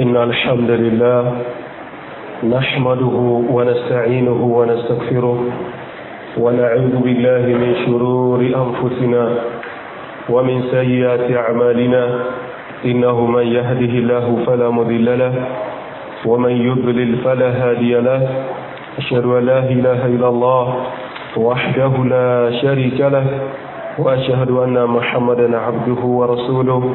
إن الحمد لله نحمده ونستعينه ونستغفره ونعوذ بالله من شرور أنفسنا ومن سيئات أعمالنا إنه من يهده الله فلا مذل له ومن يضلل فلا هادي له أشهد أن لا إله إلا الله وحده لا شريك له وأشهد أن محمدا عبده ورسوله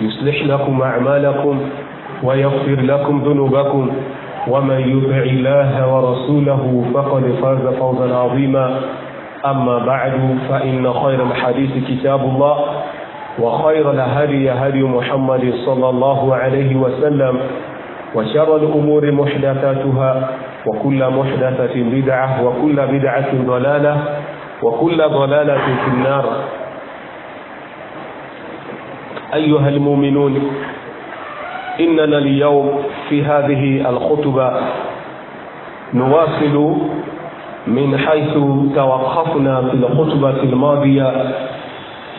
يصلح لكم أعمالكم ويغفر لكم ذنوبكم ومن يطع الله ورسوله فقد فاز فوزا عظيما أما بعد فإن خير الحديث كتاب الله وخير الهدي هدي محمد صلى الله عليه وسلم وشر الأمور محدثاتها وكل محدثة بدعة وكل بدعة ضلالة وكل ضلالة في النار أيها المؤمنون إننا اليوم في هذه الخطبة نواصل من حيث توقفنا في الخطبة الماضية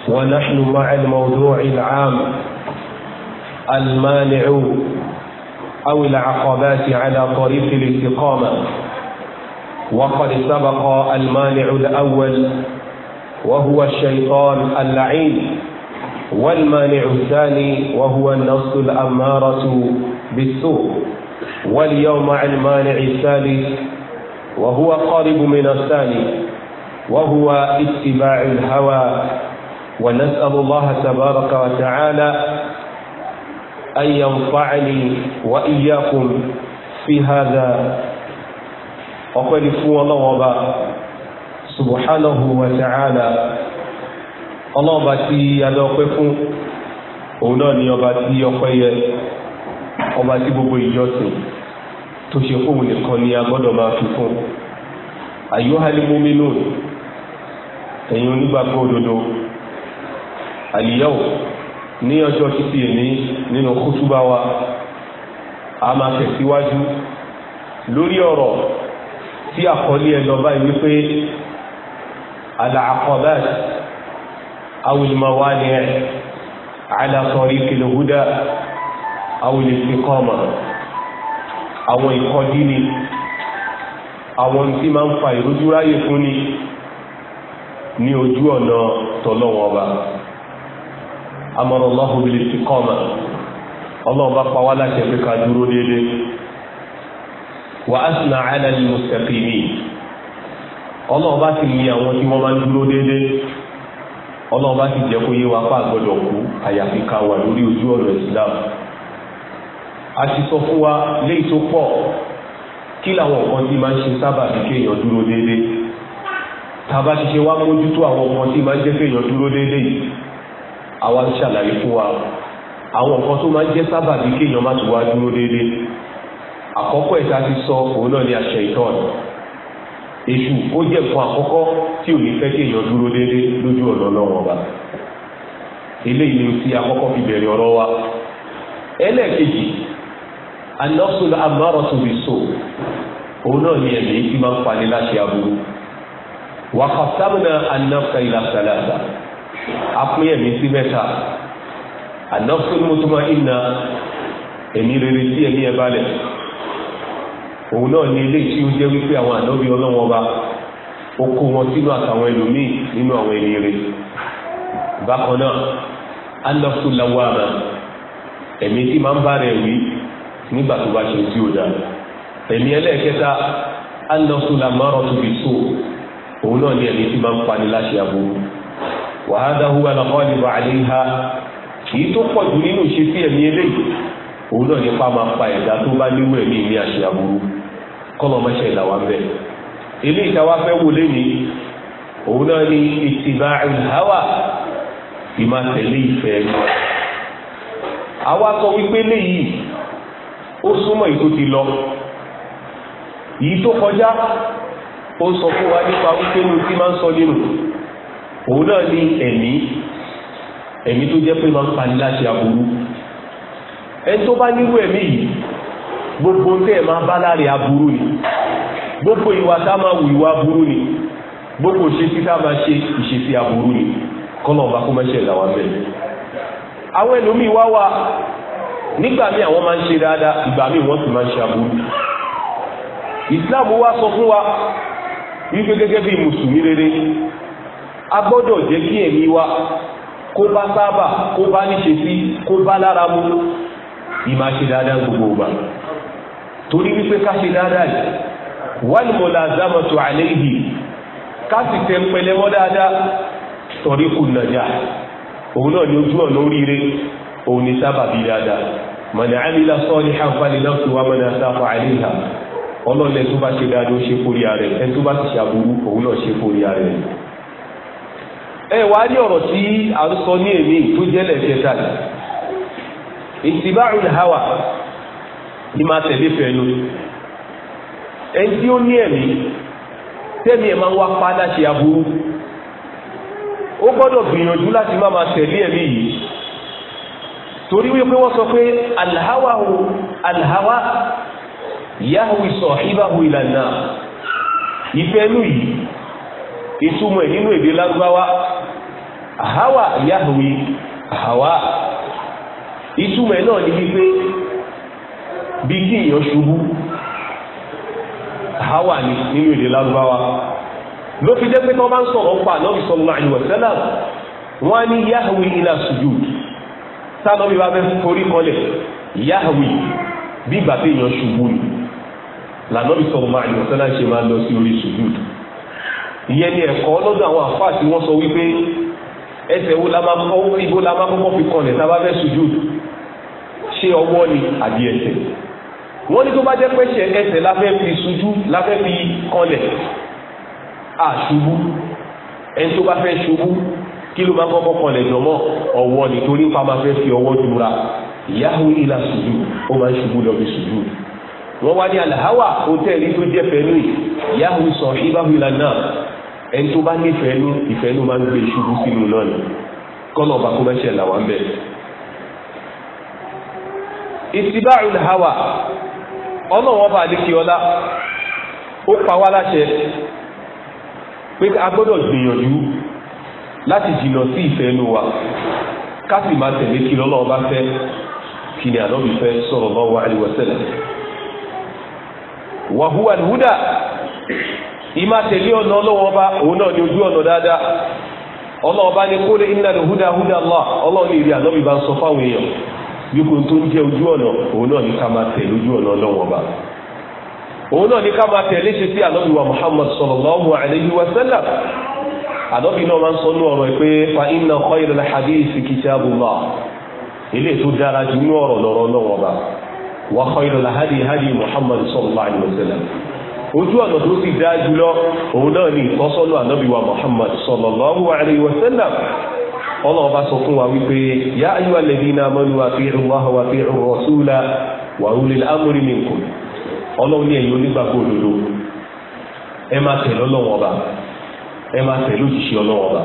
ونحن مع الموضوع العام المانع أو العقبات على طريق الاستقامة وقد سبق المانع الأول وهو الشيطان اللعين والمانع الثاني وهو النفس الأمارة بالسوء واليوم عن المانع الثالث وهو قريب من الثاني وهو اتباع الهوى ونسأل الله تبارك وتعالى أن ينفعني وإياكم في هذا وقال فو الله سبحانه وتعالى ọlọ́ọ̀bá tí adá ọpẹ́ fún òun náà ni ọba tí ọpẹ́ yẹ ọba tí gbogbo ìjọsìn tó ṣe fóun nìkan ni a gbọ́dọ̀ máa fi fún àyíwáhálí múmínú ẹ̀yin onígbàgbọ́ òdodo àlìyáwó ní ọjọ́ títí èní nínú kútúbá wa a máa tẹ̀síwájú lórí ọ̀rọ̀ tí àkọlé ẹ̀ lọ báyìí wípé àlàkọ̀bẹ́ẹ̀ أو الموانع على طريق الهدى أو الاستقامة àwọn ìkọdí ni àwọn tí máa ń fa ìrójúráyè fún ni ní ojú ọ̀nà tọ́lọ́wọ́ ọba amọ̀rọ̀ lọ́hùn bil istiqama ọlọ́run bá pa wá láṣẹ pé wa ọlọ́run bá ti jẹ́ kó yé wa pa àgbọ̀dọ̀ kú àyàfi ká wà lórí ojú ọ̀rọ̀ islam a ti sọ fún wa léyìí tó pọ̀ kí làwọn nǹkan tí máa ń ṣe sábà fi kéèyàn dúró déédéé tàbá ti ṣe wá mójútó àwọn nǹkan tí máa ń jẹ́ kéèyàn dúró déédéé àwa ń ṣàlàyé fún wa àwọn nǹkan tó máa ń jẹ́ sábà fi kéèyàn má tún wá dúró déédéé àkọ́kọ́ ẹ̀ ti sọ òun náà ni àṣẹ ìtọ́ni èṣù ó jẹ́ nǹkan àkọ́kọ́ tí ò ní fẹ́ kí èèyàn dúró déédéé lójú ọ̀nà ọlọ́run ọba eléyìí ni ti àkọ́kọ́ fi bẹ̀rẹ̀ ọ̀rọ̀ wa ẹlẹ́ẹ̀kejì anọ́sùn amárọ̀tòbìsò òun náà ni ẹ̀mí tí máa ń fani láti aburú wàkàtàmùnà anọ́sùn ìlàsàlàsà apín ẹ̀mí sí mẹ́ta anọ́sùn mọ́tòmá ìnà ẹ̀mí rere tí ẹ̀mí ẹ̀ balẹ̀. òun náà ni eléyìí tí ó jẹ́ wípé àwọn ànábì ọlọ́wọ́n bá ó kó wọn sínú àtàwọn ẹlòmíì nínú àwọn ẹni rẹ̀ bákan náà anọ́sùn làwọn àmà ẹ̀mí tí máa ń bá rẹ̀ wí nígbà tó bá ṣe tí ó dá ẹ̀mí ẹlẹ́ẹ̀kẹta anọ́sùn làmọ́rọ̀ tó fi so òun náà ni ẹ̀mí tí máa ń pani láṣẹ aburú wàhádà huwa làkọ́ọ̀lì bá àléhà kì í tó pọ̀ jù nínú ìṣesí ẹ̀mí eléyìí òun náà nípa kọ́lọ̀ mọ́ṣẹ́ ìlà wa ń bẹ̀. ilé ìtawá fẹ́ wò lẹ́ni òun náà ni ìtìbà ìhàwà ìmá tẹ̀lé ìfẹ́ ẹ̀mí. àwa sọ wípé léyìí ó súnmọ́ èyí tó ti lọ èyí tó kọjá ó sọ fún wa nípa wípé ní tí máa ń sọ nínú òun náà ni ẹ̀mí ẹ̀mí tó jẹ́ pé máa ń pani láti aburú ẹni tó bá nírú ẹ̀mí yìí gbogbo tẹ́ ẹ̀ máa bá láàrin aburú ni gbogbo ìwà tá máa wù ìwà aburú ni gbogbo ìṣesí tá máa ṣe ìṣesí aburú ni kọ́nà ọba kó mẹ́ṣẹ̀ làwa bẹ́ẹ̀. àwọn ẹlòmíì wá wà nígbà míì àwọn máa ń ṣe dáadáa ìgbà míì wọ́n sì máa ń ṣe aburú. ìsìláàmù wa sọ fún wa wípé gẹ́gẹ́ bí mùsùlùmí rere a gbọ́dọ̀ jẹ́ kí ẹ̀mí wa kó bá sábà kó bá níṣe sí kó bá lára mu ìmá ṣe dáadáa gbogbo ọba torí wípé ká ṣe dáadáa yìí wal mulazamatu alayhi ká sì tẹ pẹlẹmọ́ dáadáa tariqun najah òun náà ni ojú ọ̀nà oríire òun ni sábàbí dáadáa man amila salihan falinafsihi wa man asa'a 'alayha ọlọ́lẹ̀ tó bá ṣe dáadé ó ṣe forí ààrẹ ẹni tó bá ti ṣàbúrú òun náà ṣe forí ààrẹ ẹ wá ní ọ̀rọ̀ tí a ń sọ ní èmi tó kẹta yìí ìtìbáàrù hawa ni máa tẹ̀lé fẹ́nu ẹni tí ó ní ẹ̀mí tẹ́mi ẹ̀ máa ń wá padà ṣe aburú ó gbọ́dọ̀ gbìyànjú láti má máa tẹ̀lé ẹ̀mí yìí torí wípé wọ́n sọ pé alhawa alhawa yahwi sahibahu ìlànà ìfẹ́nu yìí ìtumọ̀ ẹ̀ nínú èdè lágbáwá hawa yahwi hawa ìtumọ̀ ẹ̀ náà ni wípé bí kí èèyàn ṣubú àwa ni nínú èdè lárúbáwá ló fi jẹ́ pé tí wọ́n bá ń sọ̀rọ̀ pa ànábì sallallahu alaihi wasallam wọ́n á ní yahwi ila sujud sáànàbí bá fẹ́ forí kọlẹ̀ yahwi bí ìgbà tí èèyàn ṣubú ni lànàbì sallallahu alaihi wasallam ṣe máa lọ sí orí sujud ìyẹn ni ẹ̀kọ́ lọ́dọ̀ àwọn àfáà tí wọ́n sọ wípé ẹsẹ̀ wo la máa kọ́ ibo la máa kọ́kọ́ fi kọlẹ̀ tá a bá fẹ́ sujud ṣé ọwọ́ ni àbí ẹsẹ̀ wọ́n ní tó bá jẹ́ pẹ́ṣẹ̀ ẹsẹ̀ láfẹ́ fi ṣubú láfẹ́ fi kọlẹ̀ àṣubú ẹni tó bá fẹ́ ṣubú kí ló máa kọ́kọ́ kọlẹ̀ jọmọ́ ọwọ́ ni torí pa máa fẹ́ fi ọwọ́ dúra yahoo ilà ṣubú ó máa ń ṣubú lọ fi ṣubú wọ́n wá ní alahawa hòtẹ́ẹ̀lì tó jẹ́ fẹ́nu yahoo sọ ibahu ìlànà ẹni tó bá nífẹ̀ẹ́ nú ìfẹ́ nú máa ń gbé ṣubú sínú náà kọ́nà ọba làwọn bẹ́ẹ̀. ìtìbáàrù hawa ọlọ́run ọba àdékíọlá ó pa láṣẹ pé a gbọ́dọ̀ gbìyànjú láti jìnnà sí ìfẹ́ inú wa ká máa tẹ̀lé kí lọ́lọ́run bá fẹ́ kí ni ànábì fẹ́ sallallahu alaihi wasallam wa huwa ìmá tẹ̀lé ọ̀nà òun náà ni ojú ọ̀nà dáadáa bá kó wípé tó ń jẹ́ ojú ọ̀nà òun náà ní ká máa tẹ̀ lójú ọ̀nà ọlọ́wọ́n ọba òun náà ní ká máa tẹ̀ léṣe sí ànábì wa muhammad sallallahu alayhi wa sallam ànábì náà máa ń sọ ní ọ̀rọ̀ pé fa inna khayral hadithi kitabullah ilé tó dára jù ní ọ̀rọ̀ lọ́rọ̀ ọlọ́wọ́n ọba wa khayral hadi hadi muhammad muhammad sallallahu alayhi wa sallam ọlọ ọba sọ fún wa wípé yá ayú alẹ́dínà amọ́nu àfihàn wàhùn àfihàn wà wàhùn amúrí mi nkùn". ọlọ́run ní ẹ̀yin onígbàgbọ́ òdodo ẹ máa tẹ̀lé ọlọ́run ọba ẹ máa tẹ̀lé òjìṣẹ́ ọlọ́run ọba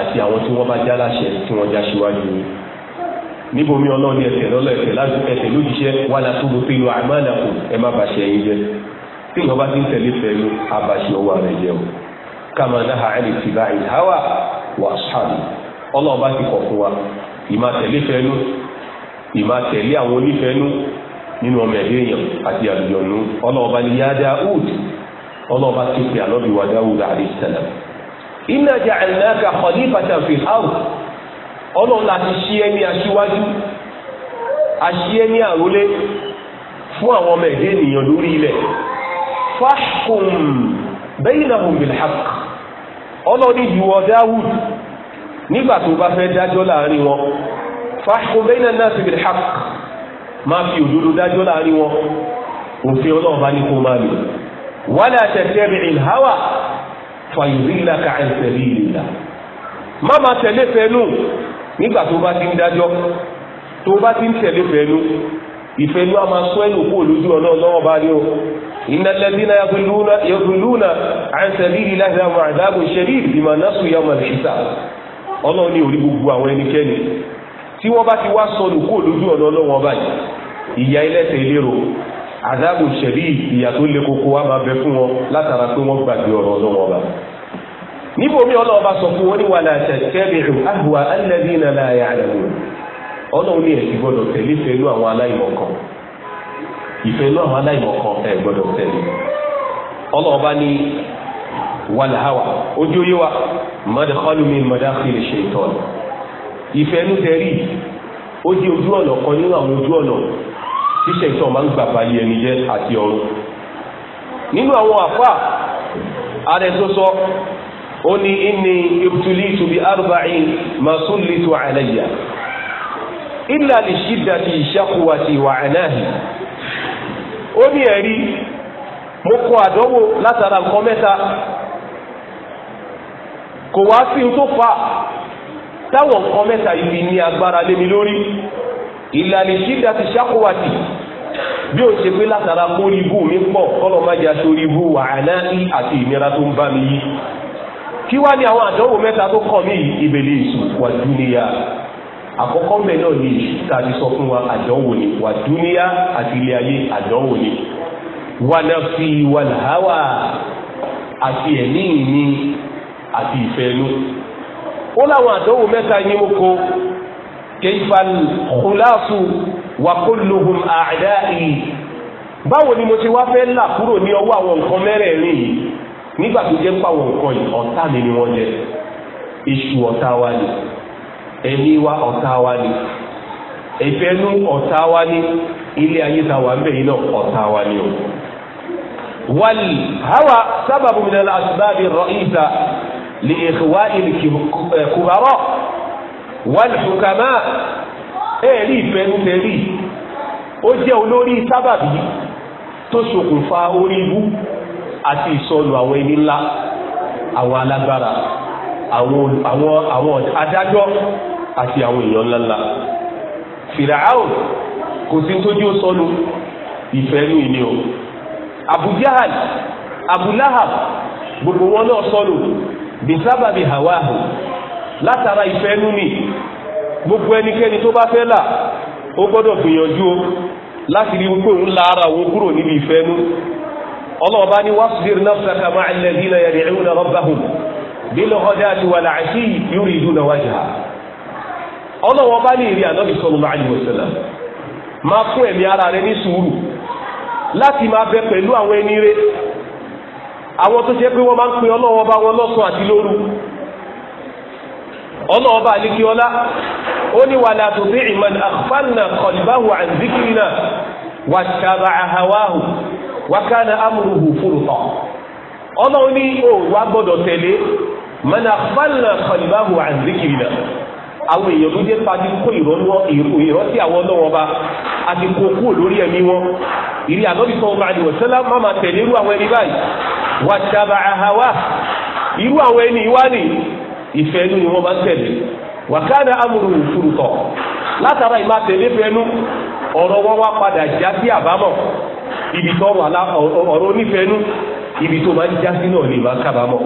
àti àwọn tí wọ́n bá já láṣẹ tí wọ́n já síwájú yìí níbo mi ọlọ́run ní wà látó fi tí ti ń tẹ̀lé ọlọ́run bá ti kọ̀ fún wa ìmá tẹ̀lé fẹ́nu ìmá tẹ̀lé àwọn onífẹ́nu nínú ọmọ ẹ̀dẹ́ èèyàn àti àlùjọ̀nù ọlọ́run bá ní yá Dáúd ti pè ànábì wa Dáúd alayhi salam inna ja'alnaka khalifatan fil ard ti ṣí ẹni aṣíwájú aṣí ẹni àrólé fún àwọn ọmọ ẹ̀dẹ́ ènìyàn lórí ilẹ̀ nígbà tó bá fẹ́ dájọ́ láàrin wọn fahkum bayna nasi bil haqq máa fi òdodo dájọ́ láàrin wọn òfin ọlọ́run bá ní kó máa lò wala tattabi'il hawa fayudillaka an sabilillah má máa tẹ̀lé fẹ́nu nígbà tó bá ti ń dájọ́ tó bá ti ń tẹ̀lé fẹ́nu ìfẹ́lú a máa sọ ẹnu kúrò lójú ọ̀nà ní o iná lẹ́dínà yàtúlúnà àìsàn líli láti àwọn àdágùn ṣẹlí ìgbìmọ̀ náà sùn yàmọ̀ ìṣìṣà ọlọ́run ní orí gbogbo àwọn ẹnikẹ́ni tí wọ́n bá ti wá sọnù kó lójú ọ̀nà ọlọ́wọ́n ìlérò àdáàbò ìyà tó koko wa máa bẹ fún wọn látara pé wọ́n gbàgbé ọ̀rọ̀ ọlọ́wọ́n bá níbo mi ọlọ́run bá sọ fún wọn ní wà láṣẹ tẹ́bìrì àhùwà alladhina la ya'lamun ọlọ́run ní ẹ̀sìn madakhalu min madakhil shaitan ìfẹ́ inú tẹ́rí ó jẹ́ ojú ọ̀nà kan nínú àwọn ojú ọ̀nà tí shaitan máa ń gbà bá yẹni jẹ́ àti ọ̀run nínú àwọn àfà ààrẹ tó sọ ó ní inni ibtulitu bi arba'in ma sullitu alayya illa li shiddati shaqwati wa anahi ó ní mo kọ àdánwò látara nǹkan mẹ́ta kò wá sí tó fa táwọn nǹkan mẹ́ta ibi ní agbára lémi lórí ìlànà ìṣídà ti ṣàkówàtì bí ó ṣe pé látara kórí ibú mi pọ̀ kọ́lọ̀ má jà sórí ibú wàhálà àti ìnira tó ń bá mi yí kí wá ní àwọn àdánwò mẹ́ta tó kọ̀ ní ìbèlè èṣù wà dúníyà àkọ́kọ́ mẹ́ náà ní èṣù tá a ti sọ fún wa àdánwò ni wà dúníyà àti ilé ayé àdánwò ni wà náà fi wà láwà àti ẹ̀mí ni àti ìfẹ́ inú ó láwọn àdánwò mẹ́ta ní oko kẹfàn kùláàfù wà kó lóhùn àdá yìí báwo ni mo ti wá fẹ́ là kúrò ní ọwọ́ àwọn nǹkan mẹ́rẹ̀ẹ̀rin yìí nígbà tó jẹ́ pàwọn nǹkan yìí ọ̀tá mi ni wọ́n jẹ èṣù ọ̀tá wa ni ẹ̀mí wa ọ̀tá wa ni ìfẹ́nú ọ̀tá wa ní ilé ayé ta wà ń bẹ̀ ọ̀tá wa ní o. wàlì hawa sábàbù min al-asbab li'ikhwa'il kubara wal hukama ẹ̀rí ìfẹ́nutẹ́rí ó jẹ́ olórí sábàbí tó ṣokùnfà orí ibú àti ìsọlù àwọn ẹni ńlá àwọn alágbára àwọn adájọ́ àti àwọn èèyàn ńláńlá fìràáùn kò sí tójú ó sọnù ìfẹ́nú ìní o Abu Jahal Abu Lahab gbogbo wọn náà sọnù bisababi hawahu látara ìfẹ́ nú ni gbogbo ẹnikẹ́ni tó bá fẹ́ là ó gbọ́dọ̀ gbìyànjú o láti rí wípé òun la ara òun kúrò níbi ìfẹ́ nú ọlọ́ọ̀bá ní wasbir nafsaka ma'a alladhina yad'una rabbahum bil ghadati wal 'ashiyyi yuriduna wajha ọlọ́wọ́ bá ní ìrí ànábì sallallahu alaihi wasallam máa fún ẹ̀mí ara rẹ ní sùúrù àwọn ẹni àwọn tó ṣe pé wọ́n máa ń pe ọlọ́wọ́ bá wọn lọ́sàn àti lóru ọlọ́wọ́ bá ní kí ọlá ó ní wàlá tó dé ìmọ̀ àfàànà kọ̀lìbáhù àǹdíkìrìnà wà ṣàbà àhàwáhù wà kánà amúrùhù fúrùtọ̀ ọlọ́wọ́ ní ó wà gbọ́dọ̀ tẹ̀lé mọ̀nà àfàànà kọ̀lìbáhù àǹdíkìrìnà àwọn èèyàn dị jẹ́ pa irọ kó ìrántí àwọn a ti kó kúrò lórí ẹ̀mí wọn ìrì ànábì sọ̀rọ̀ àdìwọ̀ sẹ́lá má máa tẹ̀lé irú àwọn ẹni báyìí wà irú àwọn ni ìfẹ́ inú ni wọ́n máa ń tẹ̀lé wàkàdà amúrù ìfurutọ̀ látara ìmá tẹ̀lé fẹ́nu ọ̀rọ̀ wọn wá padà já sí àbámọ̀ ibi tó ọ̀rọ̀ onífẹ́nu ibi tó já sí náà ni ìmá kábàámọ̀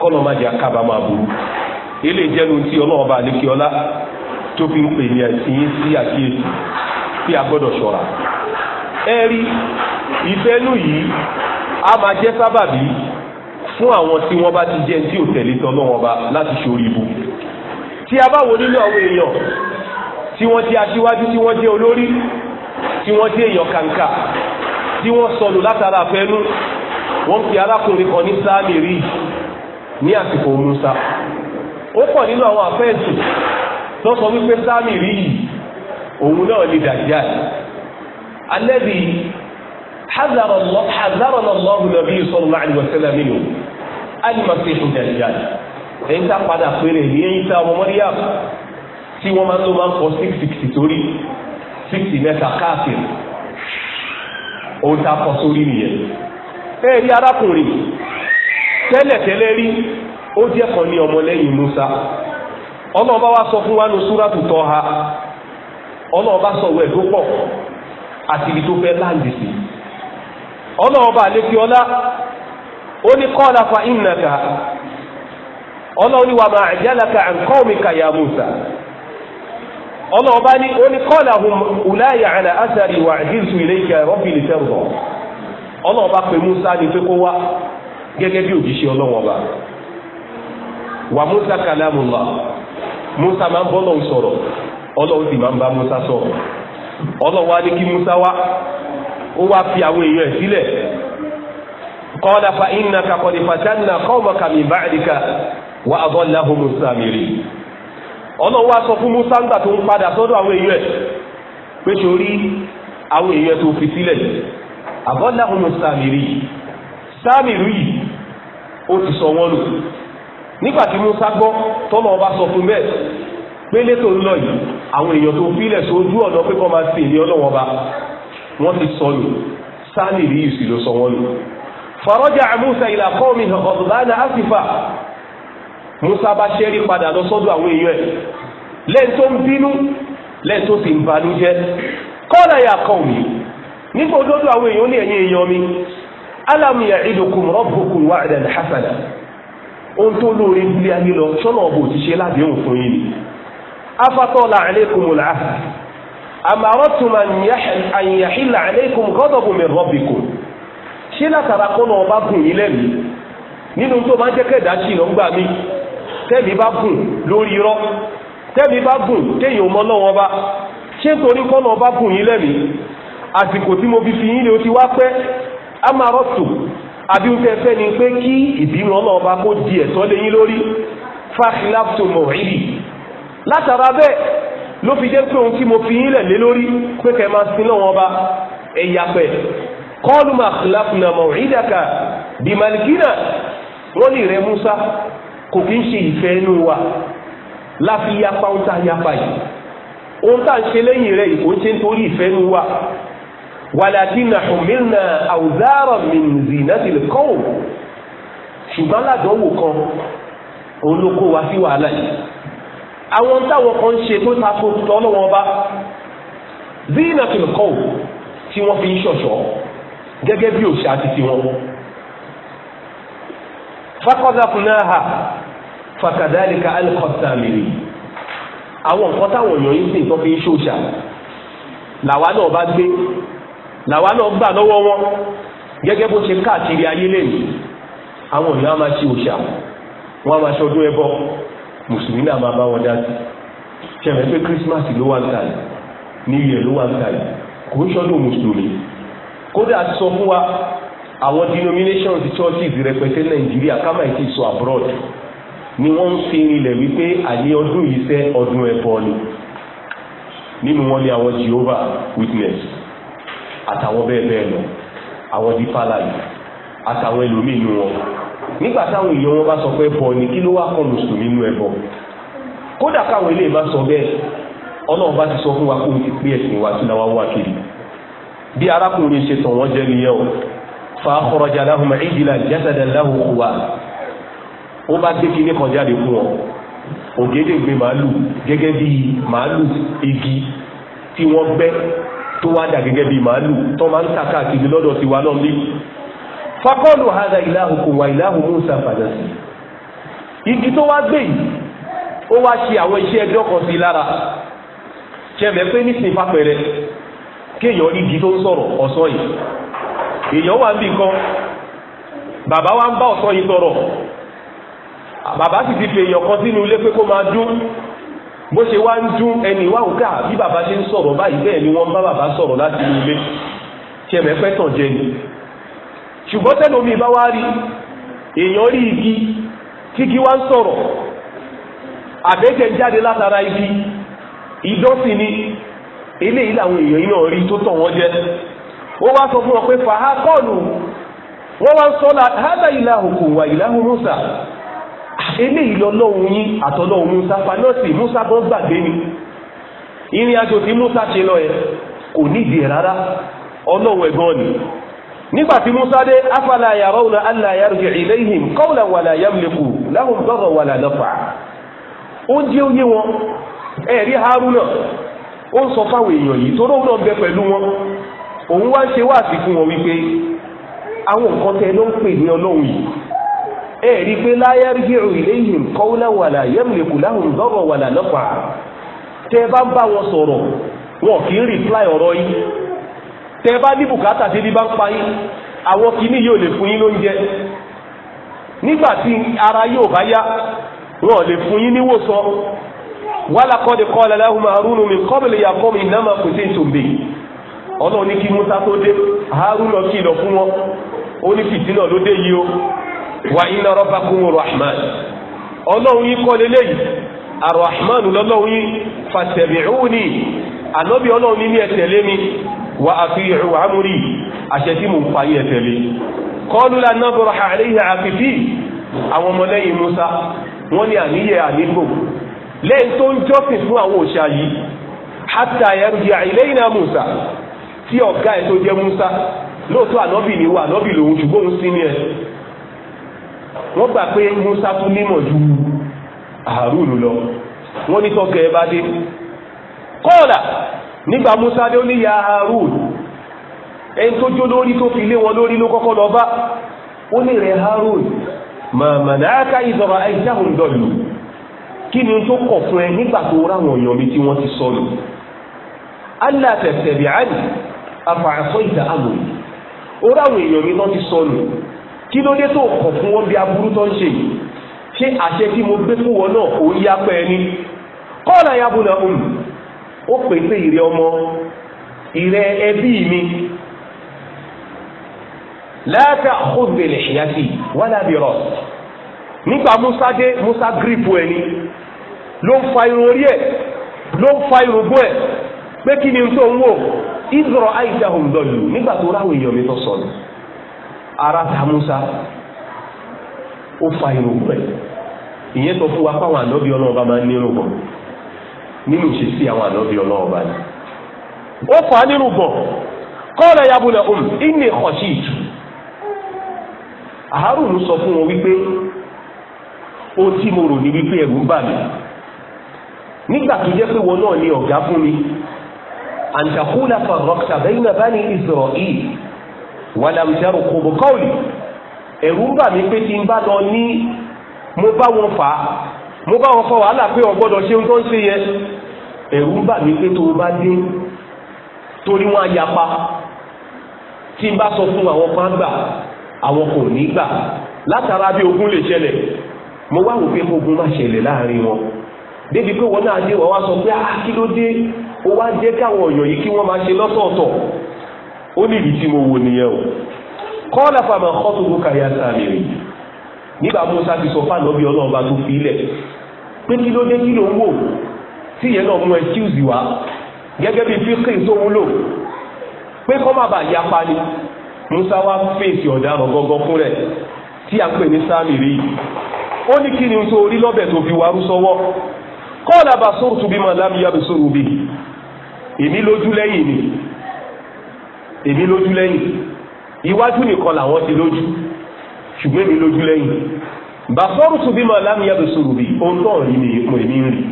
kọ́nà ilé ìjẹ́nu tí ọlọ́ọ̀bá àlékiọlá tó fi ń pè ní ẹ̀sìn sí àkíyèsí tí a gbọ́dọ̀ ṣọ́ra ẹ̀rí ìfẹ́nú yìí a máa jẹ́ sábàbí fún àwọn tí wọ́n bá ti jẹ́ tí ò tẹ̀lé tọ́lọ́wọ́n bá láti ṣorí ibu tí a bá wo nínú àwọn èèyàn tí wọ́n jẹ́ aṣíwájú tí wọ́n jẹ́ olórí tí wọ́n jẹ́ èèyàn kàǹkà tí wọ́n sọnù látara àfẹ́nú wọ́n fi arákùnrin kan ní sáàmì rí ní àsìkò Musa ó pọ̀ nínú àwọn àfẹ́ẹ̀sì tó sọ wípé sáàmì rí yìí òun náà ni dajjal alẹ́bí hazarọ̀nà lọ́hùn nàbí sallallahu alaihi wasallam minhu alimasihu dajjal ẹ̀yìn tá padà péré ní ẹ̀yìn tá ọmọ mọ́ríyà tí wọ́n máa ń lò máa ń ó jẹ́ kan ní ọmọlẹ́yìn Musa ọlọ́ọ̀bá wa sọ fún wa ní súrátù Tọ́ha ọlọ́ọ̀bá sọ̀wọ́ ẹ̀ tó pọ̀ àti ibi tó fẹ́ láǹdì sí ọlọ́ọ̀bá àlékí ọlá ó ní kọ́ọ̀lá fa ìnàkà ọlọ́ọ̀ni wà máa àjálàkà ya Musa ọlọ́ọ̀bá ní ó ní kọ́ọ̀lá hum ùláyà àlà àtàrí wà àjíṣù ilé ìkà rọ́bì ní tẹ́rù ọlọ́ọ̀bá pé Musa ní pé kó wá gẹ́gẹ́ bí òjíṣẹ́ ọba. wa Musa kalamullah Musa ma ń bọ́ lọ́hùn sọ̀rọ̀ ọlọ́run sì Musa sọ̀rọ̀ ọlọ́run wá ní kí Musa wá ó wá fi àwọn èèyàn ẹ̀ sílẹ̀ fa innaka ka fatanna qawmaka min ba'dika wa adallahum samiri ọlọ́run wá sọ fún Musa ńgbà tó ń padà sọ́dọ̀ àwọn èèyàn ẹ̀ pé sori àwọn èèyàn tó fi sílẹ̀ ó ti sọ wọ́n nígbà tí Musa gbọ́ tọ́lọ̀ ọba sọ fún bẹ́ẹ̀ pélé tó ń lọ yìí àwọn èèyàn tó fílẹ̀ sójú ọ̀nà pé kọ́ máa sì ní ọlọ́wọ́n ba wọ́n ti sọnù sáàlì rí ìsì ló sọ wọ́n nù. faraja Musa ila qawmi ghadbana asifa Musa bá ṣẹ́rí padà lọ sọ́dọ̀ àwọn èèyàn ẹ̀ lẹ́yìn tó ń bínú lẹ́yìn tó sì ń banújẹ́ qala ya qawmi nígbà òdodo àwọn èèyàn ní ẹ̀yìn èèyàn mi alam ya'idukum rabbukum wa'dan hasana ohun tó lóore ilé ayé lọ sọ́nà ọ̀bọ̀ òtíṣe láti fún yìí ni afatola aleikum la amarotum anyahila aleikum gọdọbù látara kọ́nà ọba gùn yín lẹ́mìí nínú tó máa ń jẹ́ kẹ́ẹ̀dá gbà mí tẹ́mi bá gùn lórí irọ́ tẹ́mi bá gùn náà wọn bá ṣé ọba gùn àsìkò tí mo fi fi yín ni àbí ń fẹ́fẹ́ ni pé kí ìbínú ọlọ́ọba kó di ẹ̀tọ́ lé yín lórí fáfíláàpù mọ̀ọ́ìlì látara bẹ́ẹ̀ ló fi jẹ́ pé ohun tí mo fi yín lẹ̀ lé lórí pé kẹ́ máa sin náà wọn ẹ̀yà pẹ̀ kọ́ọ̀lù máa fíláàpùnà mọ̀ọ́ìdàkà bí malikina wọ́n ní rẹ̀ Musa kò kí ń ṣe ìfẹ́ inú wa láfi yapa ń ta yapa yìí ohun tá à ń ṣe lẹ́yìn rẹ̀ ìkó ń ṣe nítorí ìfẹ́ inú wa walakinna humilna awzara min zinatil qawm ṣùgbọ́n ládánwò kan òun ló kó wa sí wàhálà yìí àwọn táwọn kan ń ṣe tó takò tọ́lọ́wọ́n bá zinatil qawm tí wọ́n fi ń ṣọ̀ṣọ́ gẹ́gẹ́ bí òṣà ti ti wọn. fakọ́dàkùnáhà fakàdálíkà alikọ́sàmìrì àwọn nǹkan táwọn èèyàn yìí sì tó fi ń ṣòṣà làwa náà bá gbé làwa náà gbà lọ́wọ́ wọn gẹ́gẹ́ bó ṣe káàkiri ayé lẹ́yìn àwọn èèyàn á máa ṣe òṣà wọn á máa ṣọdún ẹbọ mùsùlùmí náà máa bá wọn dá sí pé Christmas ló wà ń kàlẹ̀ new year ló wà ń kàlẹ̀ kò ń ṣọdún mùsùlùmí kódà sọ fún wa àwọn denominations churches rẹpẹtẹ nàìjíríà ká máa sọ abroad ni wọ́n ń fi rinlẹ̀ wípé àyè ọdún yìí ṣe ọdún ẹ̀bọ ni nínú wọn ni àwọn Jehovah Witness àtàwọn bẹ́ẹ̀ bẹ́ẹ̀ lọ àwọn dífàlà yìí àtàwọn ẹlòmíì nù wọn nígbà táwọn èèyàn wọn bá sọ pé bọ ni kí ló wá kọ mùsùlùmí nínú ẹbọ kódà káwọn eléyìí bá sọ bẹ́ẹ̀ Ọlọ́run bá ti sọ fún wa kó o ti pín ẹsìn wa síláwá wá kiri bí arákùnrin ṣe tàn wọn jẹ nìyẹn o fa akhraja lahum ijlan jasadan lahu khuwa ó bá gbé kíní kan jáde fún wọn ògédègbè igi tí tó wá dà gẹ́gẹ́ bíi màálù tó máa ń ta káàkiri lọ́dọ̀ sí wa náà ní. fakọ́lù hada wa mú Musa fàdásì igi tó wá gbé ó wá ṣe àwọn iṣẹ́ ẹjọ́ kan sí lára ṣẹlẹ̀ pé wa ń bá yìí sọ̀rọ̀ bàbá sì ti bó ṣe wá ń dún ẹni wá bí bàbá ṣe ń sọ̀rọ̀ báyìí bẹ́ẹ̀ ni wọ́n bá bàbá sọ̀rọ̀ láti ilé tí ẹ̀mẹ́ fẹ́ tàn jẹ ni ṣùgbọ́n bá wá rí èèyàn rí igi kíkí wá ń sọ̀rọ̀ jáde látara igi ìdọ́sìn ni làwọn èèyàn wọ́n wá sọ fún pé wọ́n wá eléyìí lọ́lọ́run yín àtọ́lọ́run Musa fanọ́ọ̀sì Musa bọ́ gbàgbé ni ìrìn àjò tí Musa ṣe lọ ẹ kò nídìí rárá ọlọ́run ẹ̀gbọ́n ni nígbàtí Musa dé afala yarawna alla yarji ilayhim qawlan wala yamliku lahum àwọn nǹkan tẹ ló ń pè ní ọlọ́run yìí ẹ̀rí pé láyárìgìrù iléyìn kọ́wúlẹ̀ wàlà yẹ́mìlẹ̀kù láhùn dọ́rọ̀ wàlà lọ́pàá tẹ́ bá ń bá wọn sọ̀rọ̀ wọn kì í rìpláì ọ̀rọ̀ yìí tẹ́ bá ní bùkátà tí bí bá ń pa àwọn kìíní yóò lè fún yín ara yóò bá yá wọn lè fún yín níwòsàn kọ́ mi kọ́bìlì yàkọ́ mi Musa tó dé fún wọn ó ní fìtínà ló dé yìí wà iná rọ́bà kún rahman ọlọ́run yín kọ́ lélẹ́yìí arahman lọ́lọ́run yín fàtẹ̀bìrúni ànábì ọlọ́run ní ní ẹ tẹ̀lé mi wà àfihàn amúrí àṣẹ tí mò ń fa yín ẹ tẹ̀lé kọ́lù la naburaha alayhi tí ọ̀gá ẹ̀ tó jẹ́ musa lóòótọ́ ànábì ni wà ànábì lòun ṣùgbọ́n sí ni ẹ̀ wọ́n gbà pé Musa tún nímọ̀ ju Harun lọ wọ́n ní tọ́kẹ́ ẹ bá dé kọ́ọ̀là nígbà Musa dé ó ní ya Harun ẹni tó jó lórí tó fi lé wọn lórí ló kọ́kọ́ lọ bá ó ní rẹ̀ Harun màmàdà áká ìzọra ẹjáhùn dọ̀lù kí ni tó kọ̀ fún ẹ nígbà tó ráwọn èèyàn mi tí wọ́n ti sọnù Allah tẹ̀tẹ̀bì àní àfààfọ́ ìdá àmọ̀ ó ráwọn èèyàn mi wọ́n ti sọnù kí ló dé tó kọ̀ fún wọn bí aburú tó ń ṣe yìí ṣé àṣẹ tí mo gbé fún wọn náà ó yá pẹ́ ẹni kọ́ọ̀lá yabùnà òun um, ó pè pé ìrẹ ọmọ ìrẹ ẹbí mi láàkà òbèlè ṣìyàtì wà lábì musa dé musa gírípù ẹni ló ń fa irun orí ẹ ló ń fa irùngbọ̀n ẹ pé kí ni n tó ń wò ìzọrọ àìsàn òun nígbà tó ráwọ èèyàn mi tó sọnù ara ta Musa ó fa irungbọ̀n ẹ̀ ìyẹn sọ fún wa fáwọn ànábì ọlọ́ọ̀ba máa ń ní irungbọ̀n nínú ìṣesí àwọn ànábì ọlọ́ọ̀ba ni ó fa nírùgbọ̀n kọ́ọ̀lá yabùnà òm ìní ọ̀ṣì ìtù àárùn sọ fún wọn wípé tí mo rò ní wípé ẹ̀rù bà mí nígbà tó jẹ́ pé wọn náà ni ọ̀gá fún mi wàlám dárò kòbó kọ́ọ̀lì ẹ̀rù ń bà mí pé tí n bá lọ ní mo bá wọn fà á mo bá wọn fọ wàhálà pé ọgbọ́dọ̀ ṣe ohun tó ń ṣe yẹn ẹ̀rù ń bà mí pé tó o bá dé torí wọn á yapa tí n bá sọ fún àwọn kan gbà àwọn kò ní gbà látara bí ogun lè ṣẹlẹ̀ mo wá wò pé ogun má ṣẹlẹ̀ láàrin wọn débi pé wọn náà dé wọn wá sọ pé a ah, kí ló dé o wá jẹ́ káwọn ọ̀yàn yìí kí wọ́n máa ṣe lọ́tọ̀ọ̀tọ̀ ó ní ìdí tí mo wò nìyẹn o kọ́lá fàmà kọ́tù ló kàrí àtàmìrì nígbà Musa ti sọ fáànù ọbẹ̀ ọlọ́run bá tó fi ilẹ̀ pé kí ló dé kí ló ń wò tí ìyẹn náà mú excuse wá gẹ́gẹ́ bí fíkìn tó wúlò pé kọ́ má bàa yapa ni Musa wá fèsì ọ̀daràn gangan fún rẹ̀ tí a pè ní sáàmìrì ó ní kí ni tó rí lọ́bẹ̀ tó fi warú sọ́wọ́ kọ́lá bá sóòtù bí màlámi yá ni èmi lójú lẹ́yìn iwájú nìkan làwọn ti lójú ṣùgbọ́n èmi lójú lẹ́yìn bàṣọ́rù tún bí máa lámìyá bẹ sọ̀rọ̀ bí ohun tó rí ni mo èmi ń rí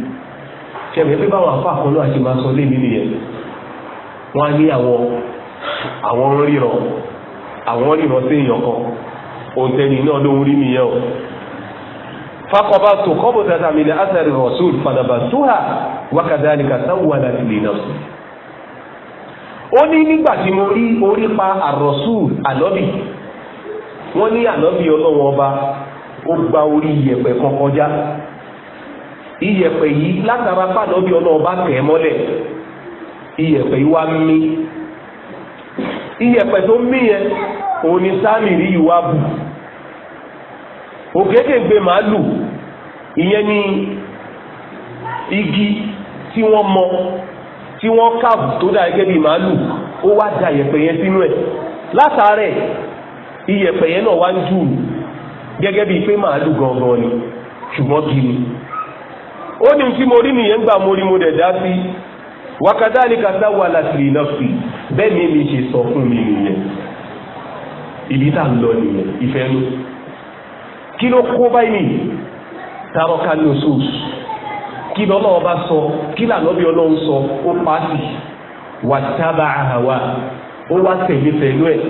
ṣẹ̀mí pé báwọn afọ àkọlù àti máa sọ lé mi nìyẹn wọ́n á ní àwọn àwọn ríran àwọn ríran sí èèyàn kan ohun tẹ́ni náà ló ń rí nìyẹn o fakọba tó kọ́bù tata mi ní asẹ̀rì rọ̀ṣùl fàdàbà túhà wákàtí àlìkà sáwùwà láti lè náà ó ní nígbà tí mo rí orí pa àrọ̀sù àlọ́bì wọ́n ní àlọ́bì ọlọ́wọ́n ọba ó gba orí iyẹ̀pẹ̀ kan kọjá iyẹ̀pẹ̀ yìí látara pàlọ́bì ọlọ́ọba tẹ̀ mọ́lẹ̀ iyẹ̀pẹ̀ yìí wá mí iyẹ̀pẹ̀ tó mí yẹn òun ni sáàmì rí yìí wá bù ògèdèǹgbè màálù ìyẹn ni igi tí wọ́n mọ tí wọ́n káàbù tó dá gẹ́gẹ́ bí màálù ó wá da ìyẹ̀pẹ̀ yẹn sínú ẹ̀ látàárẹ̀ ìyẹ̀pẹ̀ yẹn náà wá ń jù gẹ́gẹ́ bí pé màálù gangan ni ṣùgbọ́n kí ni ó ní tí mo rí nìyẹn gbà mo rí mo dẹ̀ dá sí wakadhalika sawwalat li nafsi bẹ́ẹ̀ ni mi ṣe sọ fún mi nìyẹn ìdí tá ń lọ nìyẹn ìfẹ́ nu kí ló kó báyìí tàrọ́ká lóṣooṣù kí lọ́lọ́ ọba sọ kí lànàbí ọlọ́run sọ ó paasi wà tábà àhàwà ó wá tẹ̀lé pẹ̀lú ẹ̀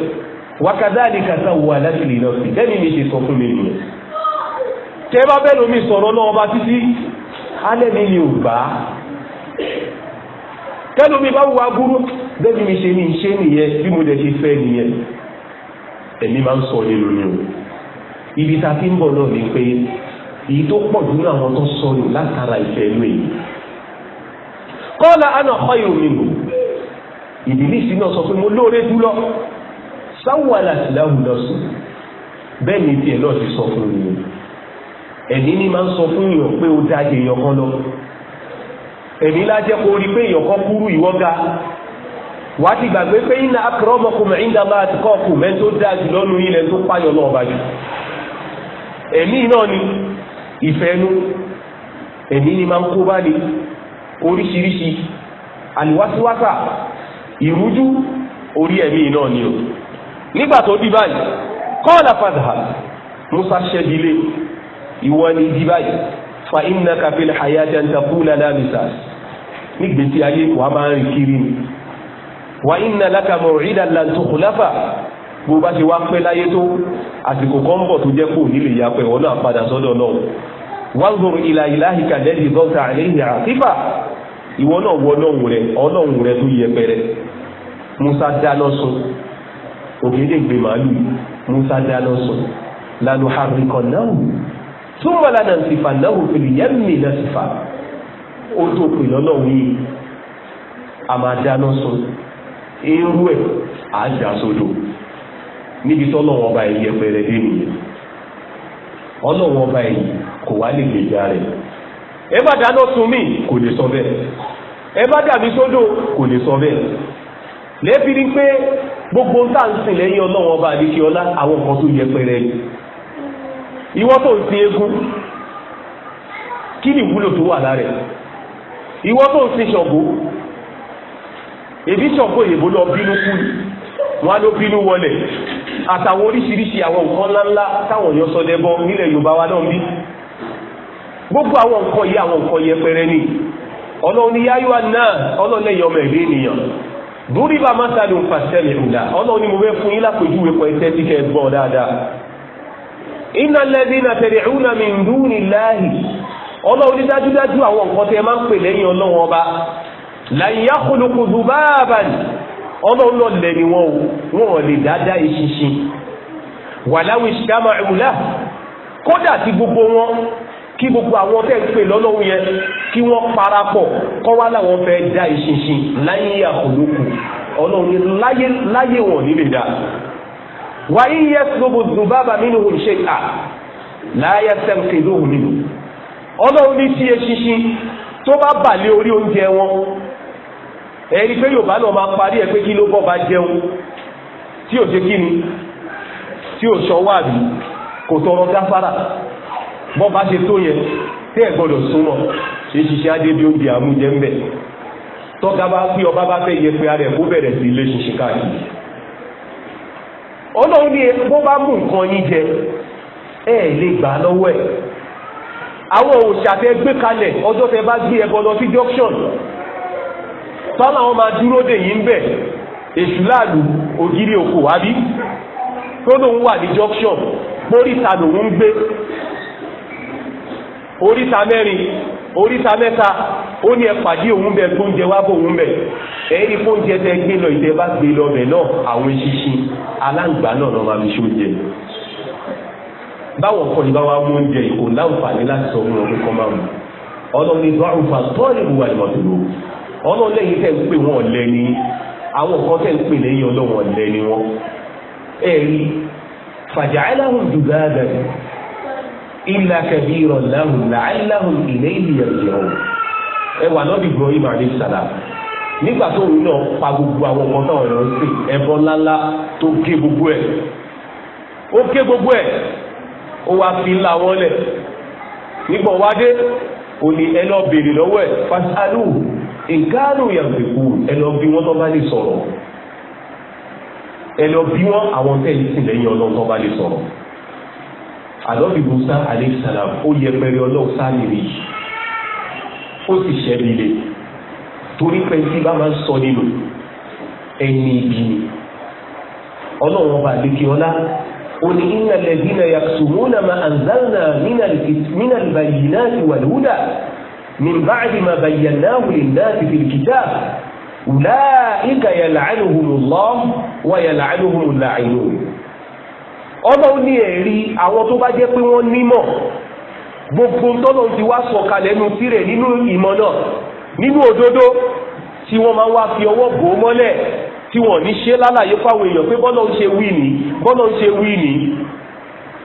wákàdáàlì kàtà wà láti lè lọ́sí lẹ́ni mi ṣe sọ fún mi nìyẹn tẹ́ bá bẹ́ẹ̀ lómi sọ̀rọ̀ náà ọba títí alẹ́ mi ni ò bá tẹ́lu mi bá wù wá gúrú bẹ́ẹ̀ mi ṣe ní ṣe nìyẹn bí mo dẹ̀ ṣe fẹ́ nìyẹn ẹ̀mí máa ń sọ nínú ni o ibi tá fi ń bọ̀ náà ni pé èyí tó pọ̀ nínú àwọn tó sọnù látara ìfẹ́ inú èyí. kọ́lá àná ọ̀pá ìròyìn nù ìdílé sí náà sọ pé mo lóore dúró sáwọ́ aláṣìláwù lọ́sùn bẹ́ẹ̀ ni tiẹ̀ náà ti sọ fún mi ẹ̀mí ni máa ń sọ fún èèyàn pé ó dá èèyàn kan lọ ẹ̀mí lájẹ́ kó rí pé èèyàn kan kúrú ìwọ́ ga wà á ti gbàgbé pé iná akọrọmọkùn mẹ́rin dábàá àti kọ́ọ̀kù mẹ́rin tó dáa jù lọ́nu ilẹ̀ tó pààyàn náà bá jù ẹ̀mí náà ni ìfẹ́nu ẹ̀mí ni máa ń kó bá ní oríṣiríṣi àlùwásíwásà ìrújú orí ẹ̀mí náà ni o nígbà tó di báyìí kọ́ọ̀lá fadhhab musa ṣẹ́bílé ìwọ ni di báyìí fa innaka fil hayati an taqula la misas nígbèsí ayé wàá máa ń rìn kiri ni wa inna laka maw'idan lan bó bá ṣe wá pẹ́ láyé tó àsìkò kan ń bọ̀ tó jẹ́ kó nílé ìyá pẹ́ ọ̀nà àpadà sọ́dọ̀ náà wanzur ila ilahika lẹ́yìn dọ́ta àlẹ́yìn àkífà ìwọ náà wọ ọlọ́run rẹ ọlọ́run rẹ tó yẹ pẹrẹ musa dá lọ́sùn ògèdè gbé màálù musa dá lọ́sùn lanu harikon náà túmọ̀ lánàá sífà náà òfin yẹ́mì náà sífà ó tó pè lọ́lọ́run yìí a máa dá lọ́sùn irú ẹ̀ á dà sódò níbi tọ́lọ́wọ́n ọba ẹ̀yẹ pẹrẹ dé nìyẹn ọlọ́wọ́n ọba ẹ̀yẹ kò wá lè gbèjà rẹ̀ ẹ bá dáná sun mí kò lè sọ bẹ́ẹ̀ ẹ bá dà mí sódò kò lè sọ bẹ́ẹ̀ lẹ́bi ni pé gbogbo tá à ń sìn lẹ́yìn ọlọ́run ọba àdékè ọlá àwọn nǹkan tó yẹ pẹrẹ ni ìwọ tó ń sin eégún kí ni ìwúlò tó wà lára ẹ̀ ìwọ tó ń sin ṣọ̀gbó èbí ṣọ̀gbó èbó lọ bínú kú wọn ló bínú wọlẹ̀ àtàwọn oríṣiríṣi àwọn nǹkan ńláńlá táwọn èèyàn sọ dẹbọ nílẹ̀ Yorùbá wa náà ń bí gbogbo àwọn nǹkan yìí àwọn nǹkan yẹpẹrẹ ni ni yáyọ́ náà ọlọ́run lẹ́yìn ọmọ ẹ̀dẹ́ ènìyàn bá má sáré ńlá ni mo fẹ́ fún yín lápèjúwe pọ̀ tí ẹ na tẹ̀lé ìhùnà mi ń dún ní láàyè ní dájúdájú àwọn nǹkan máa ń pè ọba ni wọ́n wọ́n lè dáadáa ìṣinṣin wàláwì gbogbo kí gbogbo àwọn tẹ́ ń pè lọ́lọ́run yẹn kí wọ́n parapọ̀ kọ́ wá láwọn fẹ́ dá ìṣinṣin láyé àkọlókù ọlọ́run ní láyé láyé wọn nílé dá. wàyí yẹ gbogbo zùbábà nínú ìṣe à láyé sẹ́ǹkì lóhùn nínú. ọlọ́run ní tí eṣinṣin tó bá bà lé orí oúnjẹ wọn. ẹ̀rí pé yorùbá náà máa parí ẹ̀ pé kí ló bọ́ bá jẹun tí ò ṣe kí ni tí ò ṣọwọ́ àbí kò tọrọ gáfárà bọ́ bá ṣe tó yẹn tí ẹ̀ gbọ́dọ̀ súnmọ́ ṣe ṣiṣẹ́ adébí oúnjẹ àmújẹ ń bẹ̀ tọ́gá bá pí ọba bá fẹ́ yẹ pé ara ẹ̀ kó bẹ̀rẹ̀ sí ilé ṣinṣin káàkiri ọlọ́run ní bó bá mú nǹkan yín jẹ ẹ lè gbà lọ́wọ́ ẹ̀ àwọn òòṣà tẹ gbé kalẹ̀ ọjọ́ tẹ bá gbé ẹbọ lọ sí junction tọ́lá wọn máa dúró dè yín bẹ̀ èṣù láàlú ògiri òkò àbí tó lòun wà ní junction póríta lòun ń gbé oríta mẹ́rin oríta mẹ́ta ó ní ẹ pàdé òun bẹ tó ń jẹ wá bò òun bẹ kó ń jẹ tẹ gbé lọ ìdẹ bá gbé lọ bẹ náà àwọn eṣinṣin aláǹgbá náà lọ máa fi ṣó jẹ báwọn kan ìbá wa mú oúnjẹ kò láǹfààní láti sọ fún ọdún kan ọlọ́run ọlọ́run lẹ́yìn tẹ́ ń pè ni àwọn kan tẹ́ illa kabiran lahum la'allahum ilayhi yarji'un. ẹ wà lọ́bì Ibrahim alayhi salam nígbà tó ń náà pa gbogbo àwọn ọmọ náà lọ sí ẹbọ ńláńlá tó ké gbogbo ẹ̀ ó ké gbogbo ẹ̀ ó wá fi ńlá wọn lẹ̀ nígbà wádé ó ní ẹ lọ béèrè lọ́wọ́ ẹ̀ fasalu nkaanu yàgbẹ̀kù ẹ lọ bí wọ́n tó bá lè sọ̀rọ̀ ẹ lọ bí wọ́n àwọn tẹ̀yìn sílẹ̀ yẹn àlọ́bì musa aleyhisselam ó yẹ pẹ́rẹ́ ọlọ́run sáàlìrì ó sì ṣẹ́bi lè torí pé tí bá máa ń sọ nínú ẹni ibi ni ọlọ́run ọba àdékè ọlá ó ní iná lẹ́dínà yàtúmúnà máa àǹzánà mínà ìbàyìí náà ti wà lóhùdà min báàdì máa bàyàn náà wùlé náà ti fi kìtà wùlá ìkà yàlá àlùhùn lọ́ wà yàlá àlùhùn làánú ọlọ́run ní ẹ̀rí àwọn tó bá jẹ́ pé wọ́n nímọ̀ gbogbo tọ́lọ́run ti wá sọ̀kalẹ̀ nínú tirẹ̀ nínú ìmọ̀ náà nínú òdodo tí wọ́n máa wá fi ọwọ́ bò ó mọ́lẹ̀ tí wọ́n ní ṣe lálàyé fáwọn èèyàn pé bọ́lọ̀ ń ṣe wí ní bọ́lọ̀ ń ṣe wí ní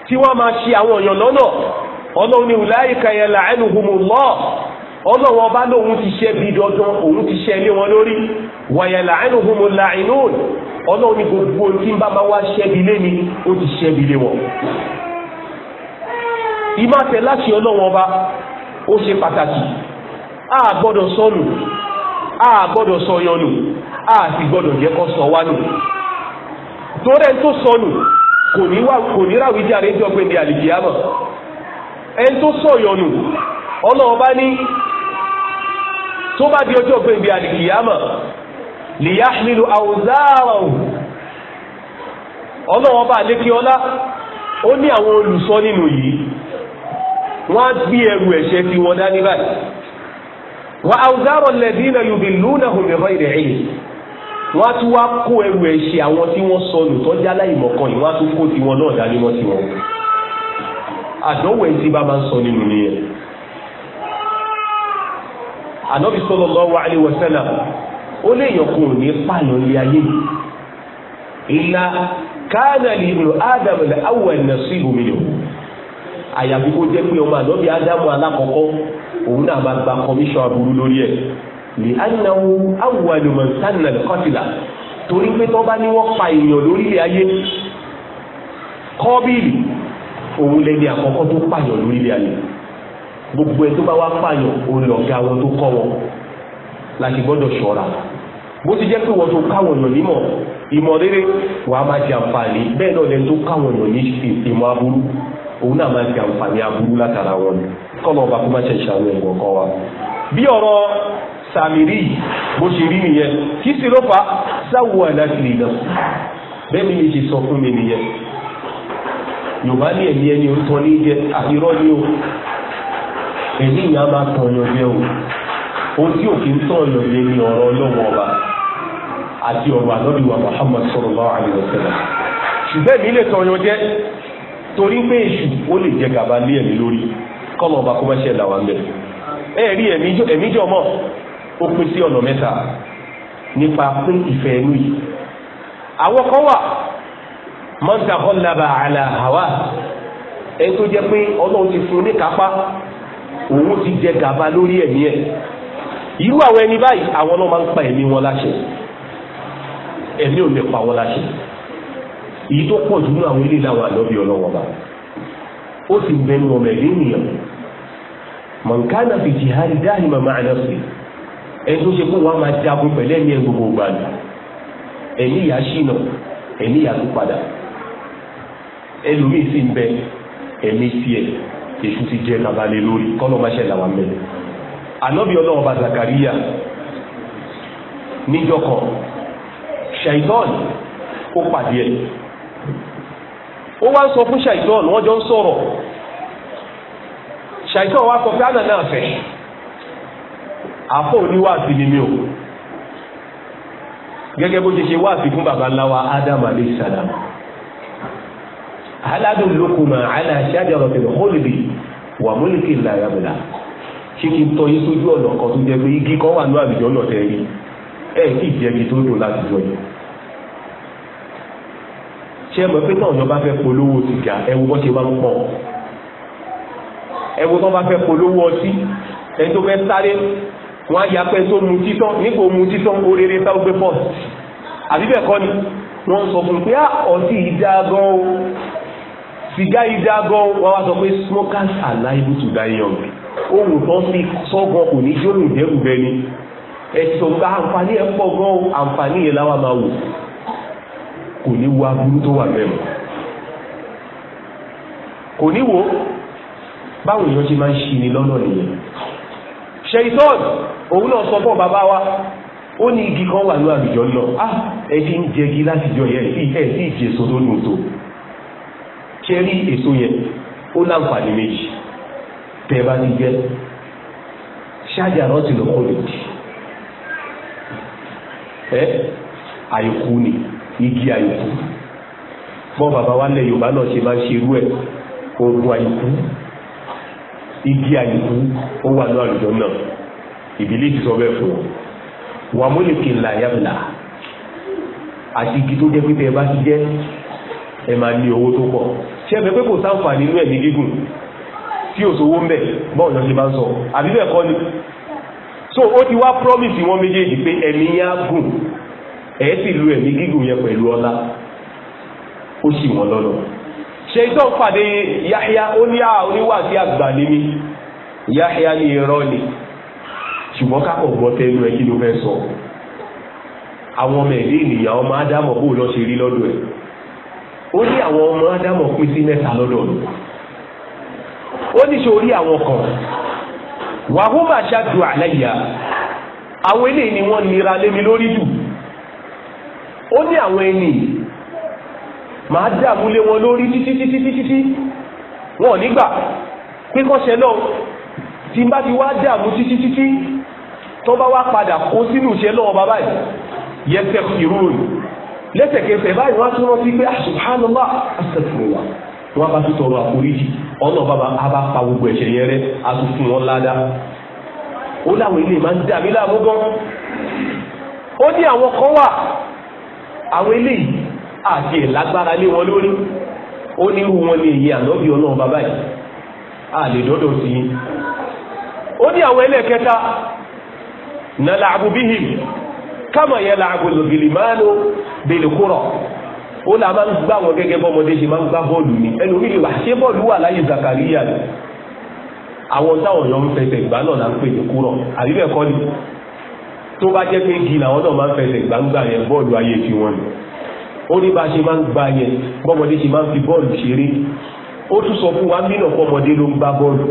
tí wọ́n máa ṣe àwọn èèyàn lọ́nà ọlọ́run ọlọ́wọ́n ọba lóun ti ṣe bí dandan òun ti ṣe ilé wọn lórí wàyàlà àìlùhùnmù inú ọlọ́run ní gbogbo tí ń bá máa wá ṣẹ́bi lé ni ó ti ṣẹ́bi lé wọn. láti ọba ó ṣe pàtàkì a gbọ́dọ̀ sọnù a gbọ́dọ̀ sọyọnù a sì gbọ́dọ̀ jẹ́ kó sọ nù. tó sọnù kò ní wá kò ní ráwí tó bá di ọjọ́ pé ibi àdìkìyàmọ̀ lìyáhìlú àwùzáàrọ̀ ọlọ́wọ́ bá lékè ọlá ó ní àwọn olùsọ nínú yìí wọ́n á gbé ẹrù ẹ̀ṣẹ̀ fi wọn dání báyìí wà àwùzáàrọ̀ lẹ́dínà yorùbá lónà òmìnira ìrẹ̀yìn wọ́n á tún wá kó ẹrù ẹ̀ṣẹ̀ àwọn tí wọ́n sọnù tọ́jà láìmọ̀kan yìí wọ́n á tún kó tiwọn náà dání mọ́ tiwọn àdánwò ẹ̀ tí bá máa ń sọ nínú nìyẹn ànábì sallallahu alaihi wasallam ó lè yàn kó ní pààyàn ilé ayé ìlà káàdà lè lò ádámù lè awọ ẹ̀nà sí ìhòmìnira àyàfi kó jẹ́ pé ọmọ ànábì ádámù alákọ̀ọ́kọ́ òun náà máa gba kọmíṣọ́ aburú lórí ẹ̀ lè ánáwó awọ ẹ̀nùmọ̀ sánà torí pé tó bá wọ́n pa èèyàn lórí ilé ayé kọ́bìlì òun lẹni àkọ́kọ́ tó pààyàn lórí ilé ayé gbogbo ẹ tó bá wá pààyàn òun lọ ga wọn tó kọ́ wọn láti gbọ́dọ̀ ṣọ́ra bó ti jẹ́ pé wọ́n tó káwọn èèyàn nímọ̀ ìmọ̀ rere wàá máa ti àǹfààní bẹ́ẹ̀ náà lẹ́nu tó káwọn èèyàn ní ìmọ̀ aburú òun náà máa ti àǹfààní aburú látara wọn ni kọ́nà ọba kó má ṣe ṣàwọn ẹ̀gbọ́n kan wa. bí ọ̀rọ̀ sàmìrì bó ṣe rí nìyẹn kí sì ló fa sáwọ́ aláṣìlè náà bẹ́ẹ̀ ni ẹ̀mí ìyá máa tàn yàn o tí òfin tàn yàn ni ọ̀rọ̀ ọlọ́wọ́ àti ọ̀rọ̀ àlọ́dúnwà Muhammad sallallahu alaihi wasallam ṣùgbọ́n lè tàn jẹ́ torí pé èṣù ó lè jẹ gàba lé lórí ọba kó bẹ̀ ẹ rí ẹ̀mí jọ mọ́ ó pín sí ọ̀nà mẹ́ta nípa pín ìfẹ́ ẹnu yìí àwọn kan laba òun ti jẹ gàba lórí ẹ̀mí ẹ̀ irú àwọn ẹni báyìí àwọn náà máa ń pa ẹ̀mí wọn láṣẹ ẹ̀mí ò lè pa wọn láṣẹ èyí tó pọ̀ jù ní àwọn ilé ìlànà àlọ́bí ọlọ́wọ́n bá ó sì bẹnu ọmọ ẹ̀mí ènìyàn mọ̀nkánà fi jihari dáhì màmá ànáfẹ́ ẹni tó ṣe fún wa máa jagun pẹ̀lú ẹ̀mí ẹ̀ gbogbo ìgbà ni ẹ̀mí ìyá ṣìnà ẹ̀mí ìyá tó padà ẹlòmíì sì ń bẹ ẹ̀mí tiẹ̀ èkú ti jẹ́ kabalẹ̀ lórí kọ́lọ̀ máa ṣẹlẹ̀ àwọn mẹ́lẹ̀ ànábì ọlọ́run bá zakariya níjọ́ kan ṣàìtọ́ọ̀nì ó pàdé ẹ̀ ó wá ń sọ fún ṣàìtọ́ọ̀nì wọ́n jọ ń sọ̀rọ̀ ṣàìtọ́ọ̀nì wá sọ pé àná náà fẹ́ àfọ́ oníwàásí ni mi ò gẹ́gẹ́ bó ṣe ṣe wáàsí fún baba ńlá wa Adam alayhi salam aládùn lókùnmá aláṣájára tẹ̀lé hólìdì wà múlìkì làyàbùlà ṣé kí n tọ́ yín sójú ọ̀nà kan tó jẹ́ pé igi kan wà ní àbíjọ náà tẹ̀ rí ẹ̀ kì í jẹ́bi tó dùn láti jọ yìí ṣé ẹ mọ̀ pé táwọn ọ̀yàn bá fẹ́ polówó sìgá ẹwu bọ́ ṣe máa ń pọ̀ ẹwu tó bá fẹ́ polówó ọtí ẹni tó fẹ́ sáré wọ́n á ya pẹ́ tó mu títán nípa mu títán ó rere tá ó gbé pọ̀ àbí bẹ́ẹ̀ kọ́ ni wọ́n sọ fún un pé ah, ọtí yìí dáa gan o sìgá yìí dá gan wọn wá sọ pé smokers are liable to die young ohun tó sì sọ́gun kò ní jó ìdẹ́rù bẹ ni ẹ̀sùn ká àǹfààní ẹ̀ pọ̀ gan àǹfààní yẹn láwa máa wò kò ní wo aburú tó wà bẹ́ẹ̀ mọ́ kò ní wo báwo èèyàn ṣe máa ń ṣi ni lọ́nà nìyẹn ṣèyítọ́n òun náà sọ fún bàbá wa ó ní igi kan wà ní àlùjọ náà á ah, ẹ ti ń jẹgi látijọ́ yẹn sí ẹ sí ìjẹsọ tó nù tó ṣe rí èso yẹn ó láǹfààní méjì tẹ ẹ bá ti jẹ ṣáàjà rántí lọ kó lè jì ẹ àyòkú ni igi àyòkú mọ bàbá wa lẹ yorùbá náà ṣe máa ń ṣe irú ẹ oògùn àyòkú igi àyòkú ó wà ní àlùjọ náà ìbílẹ̀ ti sọ bẹ́ẹ̀ fún ọ wà múlẹ̀kì ńlá yàmùlá àti igi tó jẹ́ pé tẹ ẹ ti jẹ ẹ máa ní owó tó pọ̀ ṣe é fẹ́ pé kò sáǹfààní inú ẹ̀mí gígùn tí ò sówó ń bẹ̀ bọ́ọ̀ lọ ṣe máa ń sọ àbí bẹ́ẹ̀ kọ́ ni so ó ti wá promise wọn méjèèjì pé ẹ̀mí yá gùn ẹ̀ sì lu ẹ̀mí gígùn yẹn pẹ̀lú ọlá ó sì wọn lọ́nà ṣe ìtọ́ pàdé Yahya ó ní à oníwà sí àgbà ní mi Yahya ní irọ́ ni ṣùgbọ́n kápọ̀ gbọ́ tẹnu ẹ kí ló fẹ́ sọ àwọn ọmọ ẹ̀dẹ́ ènìyàn ọmọ ádámọ̀ bó lọ ṣe rí lọ́dọ̀ ẹ̀ ó ní àwọn ọmọ ádámọ̀ pín sí mẹ́ta lọ́dọ̀ mi ó ní ṣe orí àwọn kan wàhùn máa ṣáàdùn àlàyé àwọn eléyìí ni wọ́n nira lé mi lórí jù ó ní àwọn ẹni màá dààmú lé wọn lórí títí títí títí wọn ò nígbà pé kán ṣe lọ tí n bá ti wá dààmú títí títí tó bá wá padà kó sínú ìṣẹ́ lọ́wọ́ bàbá yìí yẹsẹ̀ fìrúurù lẹ́sẹ̀kẹsẹ̀ báyìí wọ́n tún rántí pé ah, subhanallah astaghfirullah wọ́n bá tún tọrọ àforíjì ọ̀nà bàbá a bá pa gbogbo ẹ̀ṣẹ̀ yẹn rẹ́ a wọn ládá ó láwọn ilé máa ń dà mí láàmú gan ó ní àwọn kan wà àwọn ilé àti ìlágbára lé wọn lórí ó ní hu wọn ní èyí ànábì ọlọ́run bàbá yìí a lè dọ́dọ̀ sí i ó ní àwọn ẹlẹ́kẹta nàlàbùbíhì bèlèkúrọ̀ ó là máa ń gbá wọn gẹ́gẹ́ bọ́mọdé ṣe máa ń gbá bọ́ọ̀lù ni ẹnu mi ìwà ṣé bọ́ọ̀lù wà láyé Zakariya ni àwọn táwọn èèyàn ń fẹsẹ̀ ìgbà náà là ń pè ní kúrọ̀ àbí bẹ́ẹ̀ kọ́ ni tó bá jẹ́ pé igi làwọn náà máa ń fẹsẹ̀ gbangba yẹn bọ́ọ̀lù ayé fi wọn ni ó ní bá ṣe máa ń gba yẹn bọ́mọdé ṣe máa ń fi bọ́ọ̀lù ṣeré ó tún sọ fún wa mí náà fọmọdé ló ń gbá bọ́ọ̀lù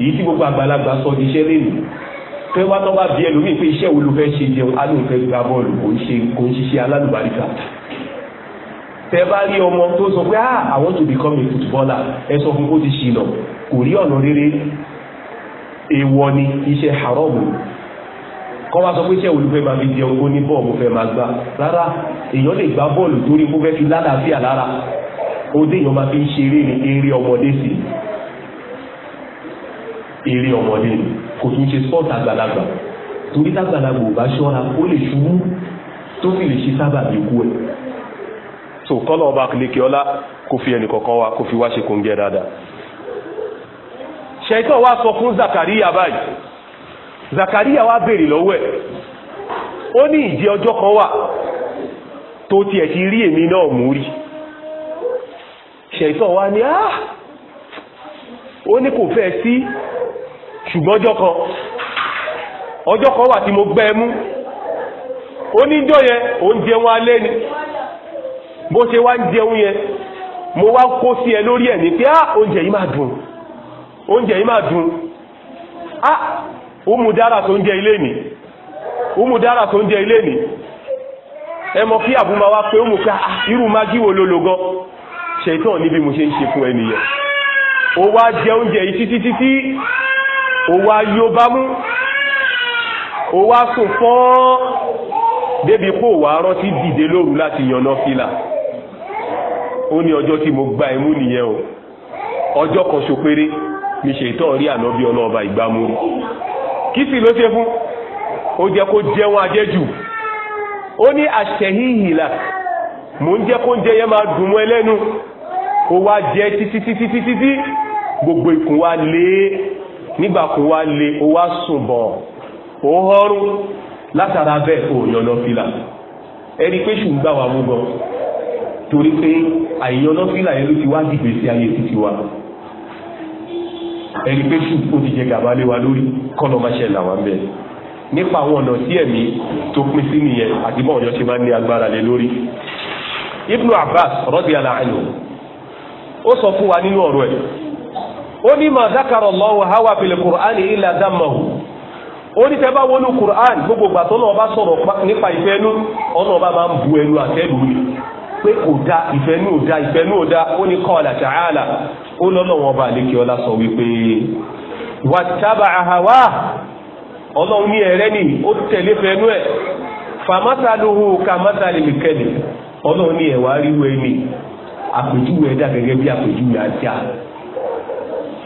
èyí tí gbogbo àgbàlagbà sọ ti ṣẹ́ pé wá tó bá bí ẹlòmíì pé iṣẹ́ wo ló fẹ́ ṣe jẹun alóòfẹ́ gba bọ́ọ̀lù kò ń ṣe kò ń ṣiṣẹ́ alálùbáríkà tẹ bá rí ọmọ tó sọ pé ah I want to become a footballer ẹ sọ fún kó ti ṣìnà kò rí ọ̀nà rere èèwọ̀ ni iṣẹ́ haramu kọ́ wá sọ pé iṣẹ́ wo ló fẹ́ máa fi jẹun kó ní bọ́ọ̀lù fẹ́ máa gbá rárá èèyàn lè gbá bọ́ọ̀lù torí kó fẹ́ fi lálàáfíà lára ó dé èèyàn máa fi ń ṣeré ní eré ọmọdé sí eré ọmọdé ni kò tún ṣe sport àgbàlagbà torí tágbàlagbà ò bá ṣọ́ra ó lè ṣubú tó sì lè ṣe sábàbí ikú ẹ̀ so kọ́lọ̀ ọba kìlìkì ọlá kò fi ẹnì kọ̀ọ̀kan wa kò fi wá ṣe kóńgẹ́ dáadáa ṣẹ́tọ́ wa sọ fún Zakariya báyìí Zakariya wa béèrè lọ́wọ́ ẹ̀ ó ní ìdí ọjọ́ kan wà tó tiẹ̀ ti rí èmi náà mú rí ṣẹ́tọ́ wa ni ó ní kò fẹ́ sí ṣùgbọ́n ọjọ́ kan ọjọ́ kan wà tí mo gbẹ́ mú oníjọ́ yẹn ó ń jẹun alẹ́ ni bó ṣe wá ń jẹun yẹn mo wá kó sí ẹ lórí ẹ̀ ní pé á ah, oúnjẹ yìí máa dùn oúnjẹ yìí máa dùn á ah, umudára tó ń jẹ ilé ni umudára kí àbúmọ wá pé ó ká ah, irú magi wo ló lo gan níbi mo ṣe ń ṣe fún ẹnìyẹn ó wá jẹ oúnjẹ yìí títí títí Owa wá yóbá mú ó wá sùn fọ́n débi kó wá rántí dìde lóru láti yànnà fìlà ó ní ọjọ́ tí mo gba ẹ̀mú nìyẹn o ọjọ́ kan ṣo péré mi ṣe ìtọ́ rí ànábí ọlọ́ọba ìgbàmú rí kí sì ló ṣe fún ó jẹ́ kó jẹun ajẹ́jù ó ní àṣẹ̀híhìlà mò ń jẹ́ kó ń jẹ máa dùn mọ́ ẹlẹ́nu ó wá jẹ títí títí títí gbogbo ikùn wa lé nigba kó wá lé ó wá sùn bọ̀ ó họ́rùn látara bẹ́ẹ̀ ò yọ̀nà fìlà ẹni pé gbà wa ẹni pé ṣùgbọ́n ó ti jẹ lé wa lórí kọ́nà má ṣe lori ń bẹ̀ nípa àwọn ọ̀nà tí ẹ̀mí tó pín sí nìyẹn àti báwọn ọ̀yọ́ ṣe máa ń ní agbára lé lórí Ibnu Abbas sọ fún wa nínú ọ̀rọ̀ ẹ̀ ó ní ma dákàrọ̀ lọ́wọ́ hawa fil kùránì ilà dámàhù ó ní tẹ́ bá wọnú kùránì gbogbo ìgbà tó náà bá sọ̀rọ̀ nípa ifenu ẹnu ọba bu ẹnu àtẹ́lù ni pe kò da ifenu nù da ìfẹ́ nù da ó qala ta'ala wọn ba lékè sọ wípé wàtábà àhàwá ọlọ́run ní ni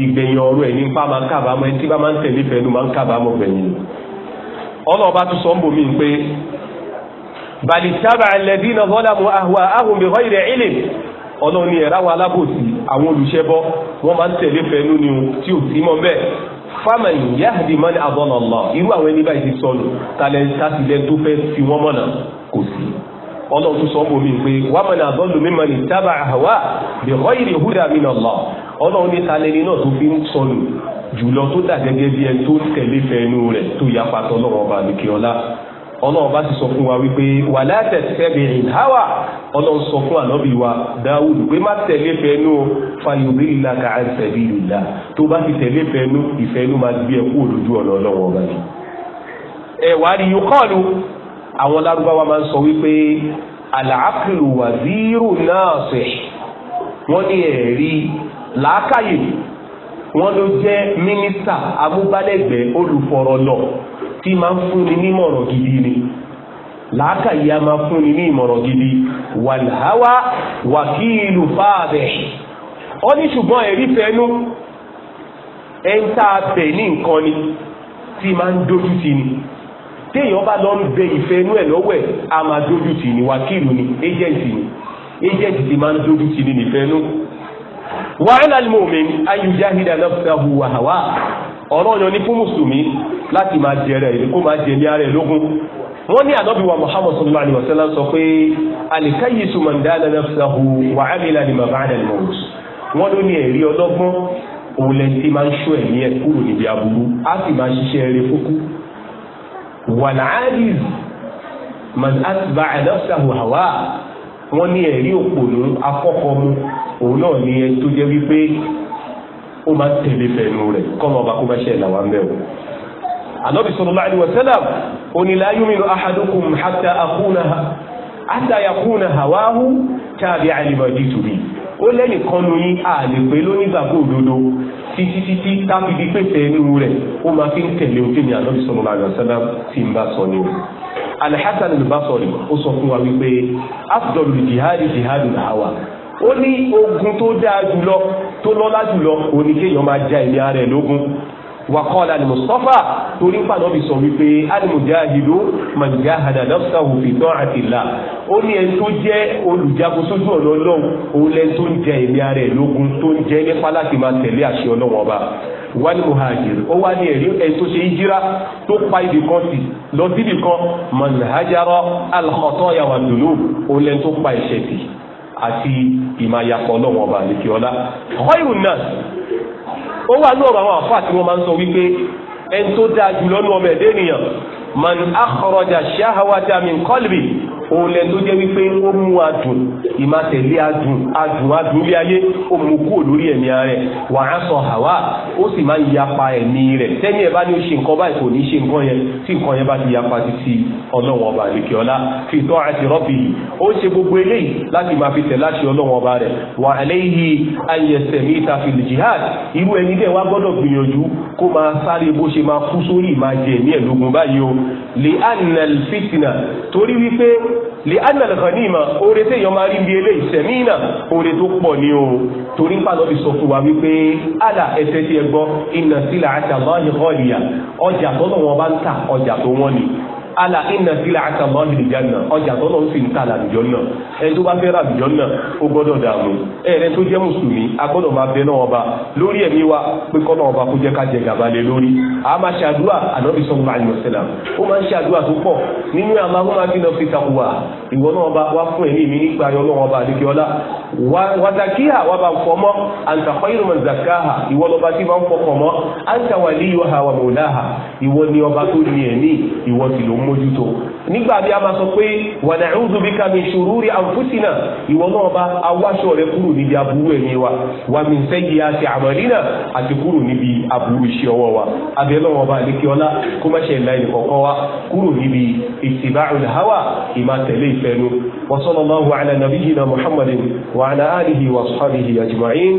ìgbẹ̀yìn ọ̀rọ̀ ẹ̀ ní pa máa ń kábàámọ̀ ẹni tí bá máa ń tẹ̀lé fẹ́nu máa ń kábàámọ̀ gbẹ̀yìn ọlọ́ọ̀bá tún sọ ń bòmí pé bàlìtàbà alladhina zalamu ahwa'ahum bighayri ilm ọlọ́run ni ẹ̀rá wa alábòsí àwọn olùṣẹ́bọ wọ́n máa ń tẹ̀lé fẹ́nu ni tí ò sí mọ́ bẹ́ẹ̀ faman yahdi man adalla Allah irú àwọn ẹni báyìí ti sọnù tálẹ̀ tásìlẹ̀ tó fẹ́ fi wọ́n mọ̀nà kò sí ọlọ́run tún sọ ń bòmí pé waman adallu mimman ittaba'a ahwa'ahu bighayri hudan min Allah ọlọ́run ní talẹ́ni náà tó fi ń sọnù jùlọ tó dà gẹ́gẹ́ bí ẹni tó tẹ̀lé fẹ́ẹ́nu rẹ̀ tó yapa tọ́lọ́run ọba àbíkíọ́lá ọlọ́run bá ti sọ fún wa wípé wà látẹ̀sẹ̀bì ìdáwà ọlọ́run sọ fún ànábì wa dáwùd pé má tẹ̀lé fẹ́nu fayọ̀bí ìlà ká àìsẹ̀bí ìlà tó bá ti tẹ̀lé fẹ́nu ìfẹ́nu máa gbé ẹkú òdojú ọ̀nà ọlọ́run ọba ni. ẹ̀wà ni kọ́ọ̀lù àwọn lárúbáwá máa ń sọ wípé àlàáfíìlù wàzírù náà sẹ̀ wọ́n ní ẹ̀rí làákàyè wọn ló jẹ́ mínísítà amúgbálẹ́gbẹ̀ẹ́ olùfọ̀rọ̀lọ̀ tí máa ń fúnni nímọ̀ràn gidi ni làákàyè a máa fúnni ní ìmọ̀ràn gidi wàláwá wàkíìlù fáàbẹ̀ ó ní ṣùgbọ́n ẹ̀rí fẹ́nu ẹni tá a bẹ̀ ní nǹkan ni tí máa ń dójú tì ni téèyàn bá lọ ń bẹ ìfẹ́ inú ẹ̀ lọ́wọ́ ẹ̀ a máa dójú tì ní wákìlù ni agent ni agent ti máa ń dójú tì ní nífẹ̀ẹ́ wàhálà ni mùmíní ayùjáhìdá nafsahu wa hawa ọ̀rọ̀ yan ni fún mùsùlùmí láti máa jẹ rẹ̀ kó máa jẹ ní ara ẹ̀ lógún wọ́n ní ànábì wa muhammad sallallahu alayhi wa sallam sọ pé alikayisu mandala nafsahu wa amila lima ba'da al-mawt wọ́n ló ní ẹ̀rí ọlọ́gbọ́n òun lẹ́ni tí máa ń ṣọ́ ẹ̀mí ẹ̀ kúrò níbi aburú á sì máa ṣiṣẹ́ eré wọ́n ní ẹ̀rí òpònú akọ́kọ́ mu òun náà ni ẹni tó jẹ́ wípé ó máa ń tẹ̀lé fẹ̀nu rẹ̀ kọ́mọ ọba kó bá ṣe ẹ̀là wa ń bẹ̀ o. ànábì sallallahu alaihi wasallam òní la yuminu ahadukum hatta akuna hatta yakuna tùbí ó lẹ́nì kanu yín àlè pé lónígbàgbọ́ òdodo títí tábìlì pèsè ẹnu rẹ̀ ó máa fi ń tẹ̀lé òfin ní ànábì sallallahu alaihi wasallam tí ń bá sọ ni o alhassan al-basri ó sọ fún wa wípé afdol jihadi jihadi hawa ó ní ogun tó dáa jùlọ tó lọ́lá jùlọ òní kéèyàn máa ja ẹ̀mí ara ẹ̀ lógun wakọ́lá ni mustapha torí ń pàdánù sọ wípé alimujahidu manjahada nafsahu fi ta'atillah ó ní ẹni tó jẹ́ olùjagun sójú ọ̀nà ọlọ́run òun lẹ́ni tó ń jẹ ẹ̀mí ara ẹ̀ lógun tó ń jẹ nípa láti máa tẹ̀lé àṣẹ ọlọ́run ọba wal muhajir ó wá ní ẹ̀rí ẹ̀ tó ṣe hijira tó pa ibì kan sí lọ síbì kan man hajara al khataya wa dhunub ó lẹ́ni tó pa ẹ̀ṣẹ̀ sí àti ìmáyàpọ̀ lọ́wọ́ ọba àlekí ọlá khairun nas ó wà ní ọ̀rọ̀ àwọn àfáà tí wọ́n máa ń sọ wípé ẹni tó dáa jùlọ ní ọmọ man akhraja shahawata min qalbi òun lẹ tó jẹ́ wípé ó mú adùn ìmátẹ̀lé adùn adùn adùn ilé ayé ó mú kúrò lórí ẹ̀mí rẹ̀ wàá sọ hàwá ó sì máa ń yapa ẹ̀mí rẹ̀ tẹ́ni ẹ̀ bá ní ó ṣe nǹkan báyìí kò ní ṣe nǹkan yẹn tí nǹkan yẹn bá ti yapa títí ọlọ́wọ́n ọba àlekè ọlá fi tọ́ àti rọ́bì yìí ó ṣe gbogbo eléyìí láti máa fi tẹ̀ ọlọ́wọ́n ọba rẹ̀ wà lẹ́yìn ayẹsẹ̀ lè anal ghanima oore tí èèyàn máa rí bí eléyìí sẹ̀mínà oore tó pọ̀ ní o torí pàlọ́ fi sọ fún wa wípé àlà ẹsẹ̀ tí ẹ gbọ́ sílẹ̀ àtàlọ́ ìhọ́ọ̀lìyà ọjà tọ́lọ́ wọn bá ń ta ọjà tó wọ́n ni ala ina sílẹ̀ àtàmọ́ ìdìjà náà ọjà tọ́lọ́ ń sì ń ta làbìjọ náà ẹni tó bá fẹ́ ràbìjọ náà ó gbọ́dọ̀ dààmú ẹ̀rẹ́ tó jẹ́ mùsùlùmí a gbọ́dọ̀ máa bẹ náà ọba lórí ẹ̀mí wa pé kọ́nà ọba kó jẹ́ ká jẹ gàba lé lórí a máa ṣe àdúrà ànábì sọ́mu àyọ̀sẹ̀lá ó máa ń ṣe àdúrà tó pọ̀ nínú àmà ó máa bínú fi takuwa ìwọ náà ọba wá fún ẹ̀mí mi nígbà ayọ̀ náà ọba àdékẹ́ọ́lá wàzàkíhà wà bá ń fọmọ́ àǹtàkọ́ ìrùmọ̀ zàkáhà ìwọ lọ́ba tí bá ń fọkàn ni ọba mójútó nígbà bí a máa sọ pé wa na'udhu bika min shururi anfusina ìwọ náà bá awáṣọ rẹ kúrò níbi aburú ẹ̀mí wa wa min sayyiati a'malina àti kúrò níbi aburú iṣẹ́ ọwọ́ wa abẹ́ náà wọn bá lékè ọlá kó má ṣe ìlànà kọ̀ọ̀kan wa kúrò níbi ittiba'ul hawa ìmá tẹ̀lé ìfẹ́nu wa sallallahu ala nabiyyina muhammadin wa ala alihi wa ashabihi ajma'in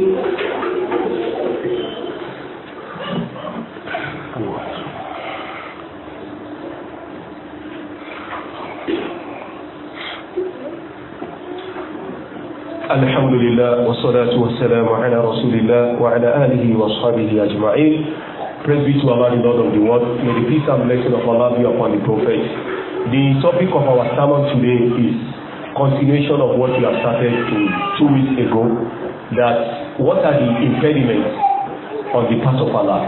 الحمد لله والصلاة والسلام على رسول الله وعلى آله وصحبه أجمعين Praise be to Allah, the Lord of the world. May the peace and blessing of Allah be upon the Prophet. The topic of our sermon today is continuation of what we have started two, two weeks ago. That what are the impediments on the path of Allah?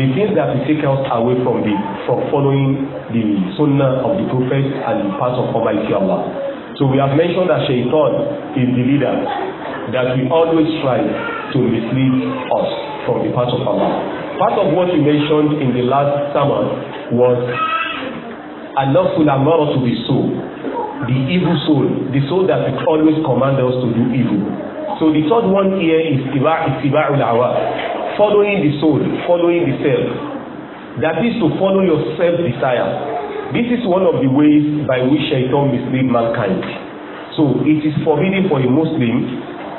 The things that we take us away from the from following the sunnah of the Prophet and the path of Almighty Allah. So we have mentioned that Shaitan is the leader that we always try to mislead us from the path of Allah. Part of what we mentioned in the last sermon was an-nafsul to bis-soo, the evil soul, the soul that will always command us to do evil. So the third one here is ittiba'ul hawa, following the soul, following the self. That is to follow your self-desire This is one of the ways by which shaitan mislead mankind. So it is forbidden for a Muslim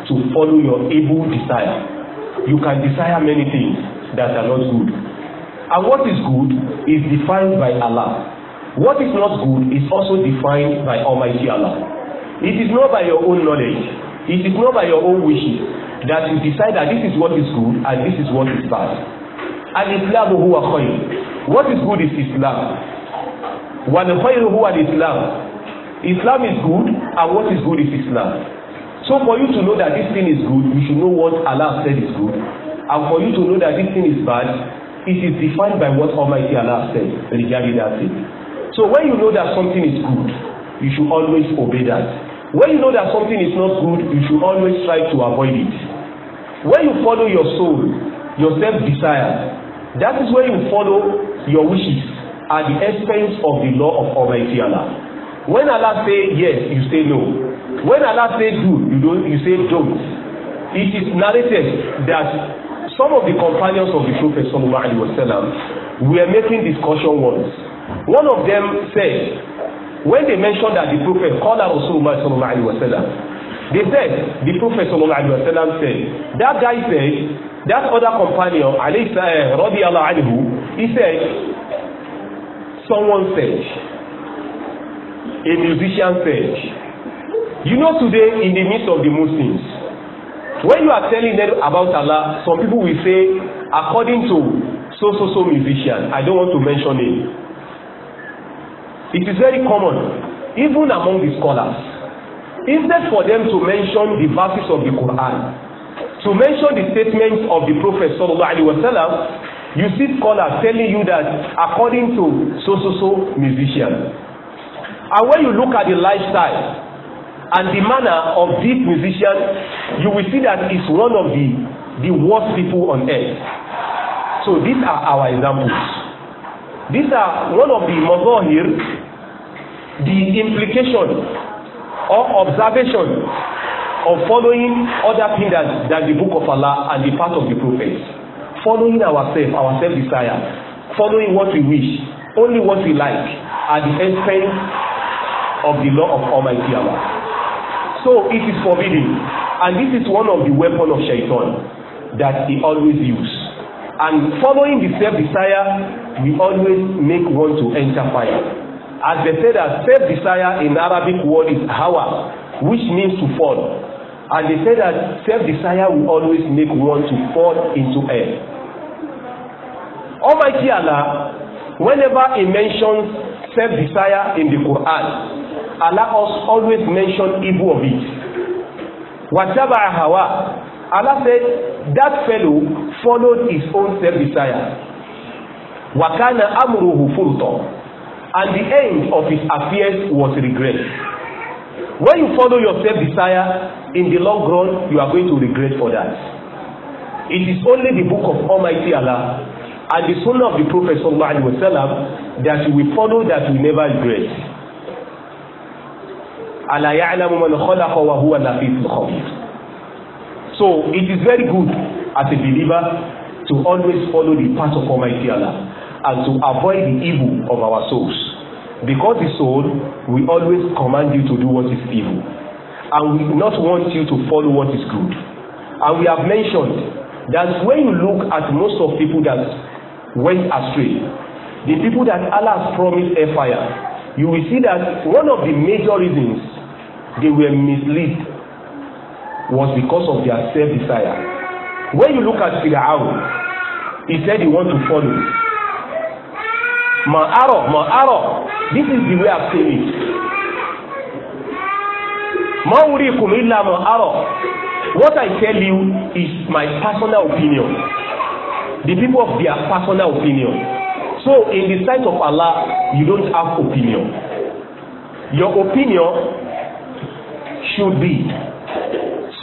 to follow your evil desire. You can desire many things that are not good. And what is good is defined by Allah. What is not good is also defined by Almighty Allah. It is not by your own knowledge. It is not by your own wishes that you decide that this is what is good and this is what is bad. And islamu huwa khayr. What is good is Islam wàlúùfẹ́yìrì who are Islam Islam is good and what is good is Islam so for you to know that this thing is good you should know what Allah said is good and for you to know that this thing is bad it is defined by what Almighty Allah said regarding that thing so when you know that something is good you should always obey that when you know that something is not good you should always try to avoid it when you follow your soul your self desire that is when you follow your wishes at the expense of the law of Almighty Allah. When Allah say yes, you say no. When Allah say do, you don't, you say don't. It is narrated that some of the companions of the Prophet sallallahu alaihi wasallam were making discussion once. One of them said, when they mentioned that the Prophet called out Rasulullah sallallahu alaihi wasallam, they said, the Prophet sallallahu alaihi wasallam said, that guy said, that other companion alayhi uh, radiyallahu anhu, he said, Someone said, a musician said, you know today in the midst of the Muslims, when you are telling them about Allah, some people will say, according to so so so musician, I don't want to mention him. It is very common, even among the scholars. Instead for them to mention the verses of the Quran, to mention the statements of the Prophet sallallahu alaihi wasallam You see scholars telling you that according to so so so musician. And when you look at the lifestyle and the manner of this musician, you will see that it's one of the the worst people on earth. So these are our examples. These are one of the here. the implication or observation of following other things than, the book of Allah and the part of the prophets following ourself, our self desire following what we wish only what we like at the expense of the law of Almighty Allah so it is forbidden and this is one of the weapon of shaitan that he always use and following the self desire we always make one to enter fire as they say that self desire in Arabic word is hawa which means to fall and they say that self-desire will always make one to fall into hell Almighty Allah, whenever He mentions self-desire in the Quran, Allah always mention evil of it. Wataba'a hawa, Allah said, that fellow followed his own self-desire. Wakana amruhu furta. And the end of his affairs was regret. When you follow your self-desire, in the long run, you are going to regret for that. It is only the book of Almighty Allah and the sunnah of the prophet sallallahu alaihi wasallam that we follow that we never regret ala ya'lamu man khalaqa wa huwa al khabir so it is very good as a believer to always follow the path of Almighty Allah and to avoid the evil of our souls because the soul we always command you to do what is evil and we not want you to follow what is good and we have mentioned that when you look at most of people that went astray. The people that Allah has promised a fire, you will see that one of the major reasons they were misled was because of their self-desire. When you look at Fir'aun, he said he want to follow. Ma'arọ̀ Ma'arọ̀, this is the way of saying it. Ma'urikum illa Ma'arọ̀, what I tell you is my personal opinion the people of their personal opinion so in the sight of Allah you don't have opinion your opinion should be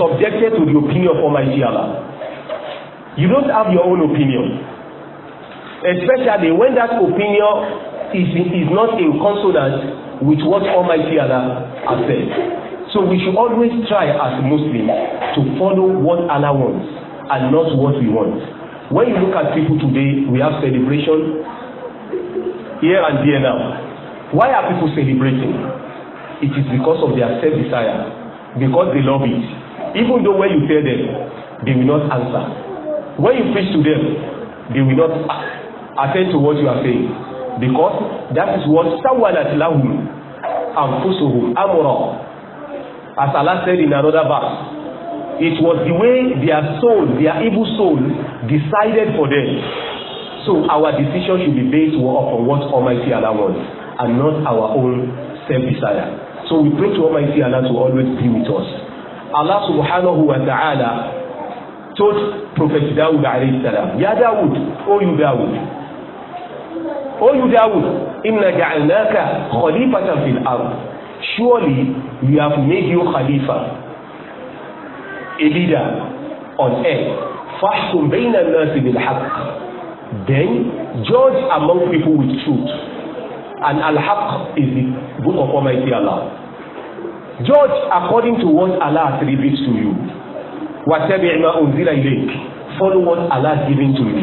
subjected to the opinion of Almighty Allah you don't have your own opinion especially when that opinion is is not in consonance with what Almighty Allah has said so we should always try as Muslims to follow what Allah wants and not what we want When you look at people today, we have celebration here and there now. Why are people celebrating? It is because of their self-desire, because they love it. Even though when you tell them, they will not answer. When you preach to them, they will not attend to what you are saying because that is what someone sawalat lahum anfusuhum amra as Allah said in another verse It was the way their soul, their evil soul, decided for them. So our decision should be based upon what Almighty Allah wants and not our own self-desire. So we pray to Almighty Allah to always be with us. Allah subhanahu wa ta'ala told Prophet Dawud alayhi salam, Ya Dawud, O you Dawud, O you Dawud, Inna ja'alnaka khalifatan fil ard. Surely we have made you khalifa a leader on earth fahkum bayna nasi bil haqq then judge among people with truth and al haqq is the book of Almighty Allah judge according to what Allah attributes to you watabi' ma unzila ilayk follow what Allah has given to you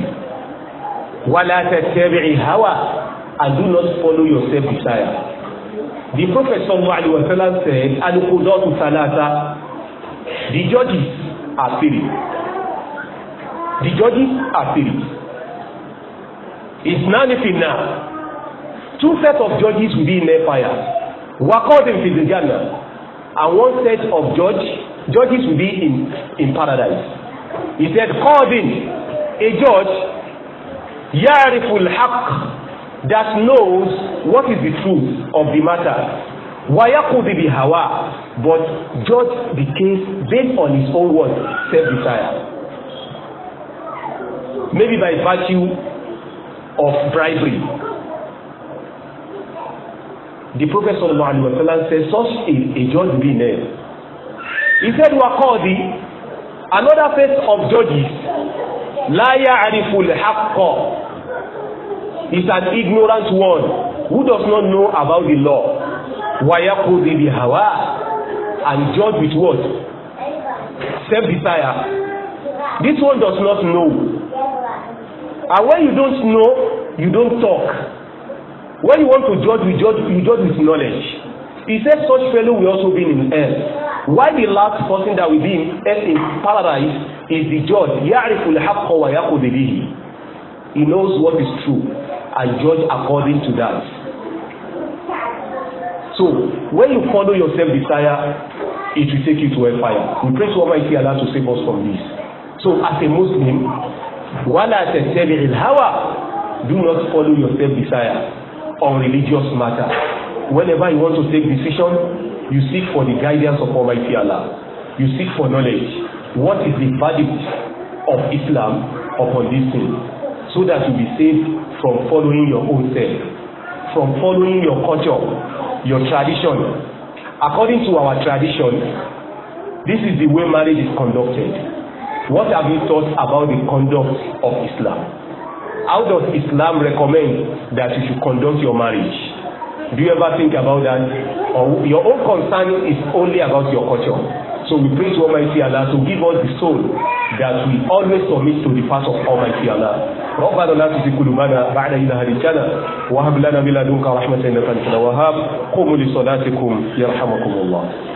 wala tattabi' hawa and do not follow your self desire the prophet sallallahu alaihi wasallam said al-qudatu The judges are spirit. The judges are spirit. It's now if now. Two sets of judges will be in their fire. Wakọ́dé fi the Ghana and one set of judge, judges will be in, in paradise. He said, calling a judge, yariful haqq that knows what is the truth of the matter wayakudi bihawa but judge the case based on his own word self-desire maybe by virtue of bribery the prophet sallallahu alaihi wasallam said such a a judge be named he said wakodi another face of judges la ya'riful haqqa is an ignorant one who does not know about the law wayakudi bihawa and judge with what? Self desire. This one does not know. And when you don't know, you don't talk. When you want to judge, you judge, you judge with knowledge. He says such fellow will also be in hell. Why the last person that will be in hell in paradise is the judge. يعرف الحق ويأخذ به. He knows what is true and judge according to that. So when you follow your self-desire, it will take you to hellfire. We pray to Almighty Allah to save us from this. So as a Muslim, wala tattabi al-hawa, do not follow your self-desire on religious matter. Whenever you want to take decision, you seek for the guidance of Almighty Allah. You seek for knowledge. What is the verdict of Islam upon this thing? So that you be saved from following your own self, from following your culture, your tradition. According to our tradition, this is the way marriage is conducted. What have you thought about the conduct of Islam? How does Islam recommend that you should conduct your marriage? Do you ever think about that? Or your own concern is only about your culture. So we pray to Almighty Allah to give us the soul that we always submit to the path of Almighty Allah. ربنا لا تزغ قلوبنا بعد إذ هديتنا وهب لنا من لدنك رحمة إنك أنت الوهاب قوموا لصلاتكم يرحمكم الله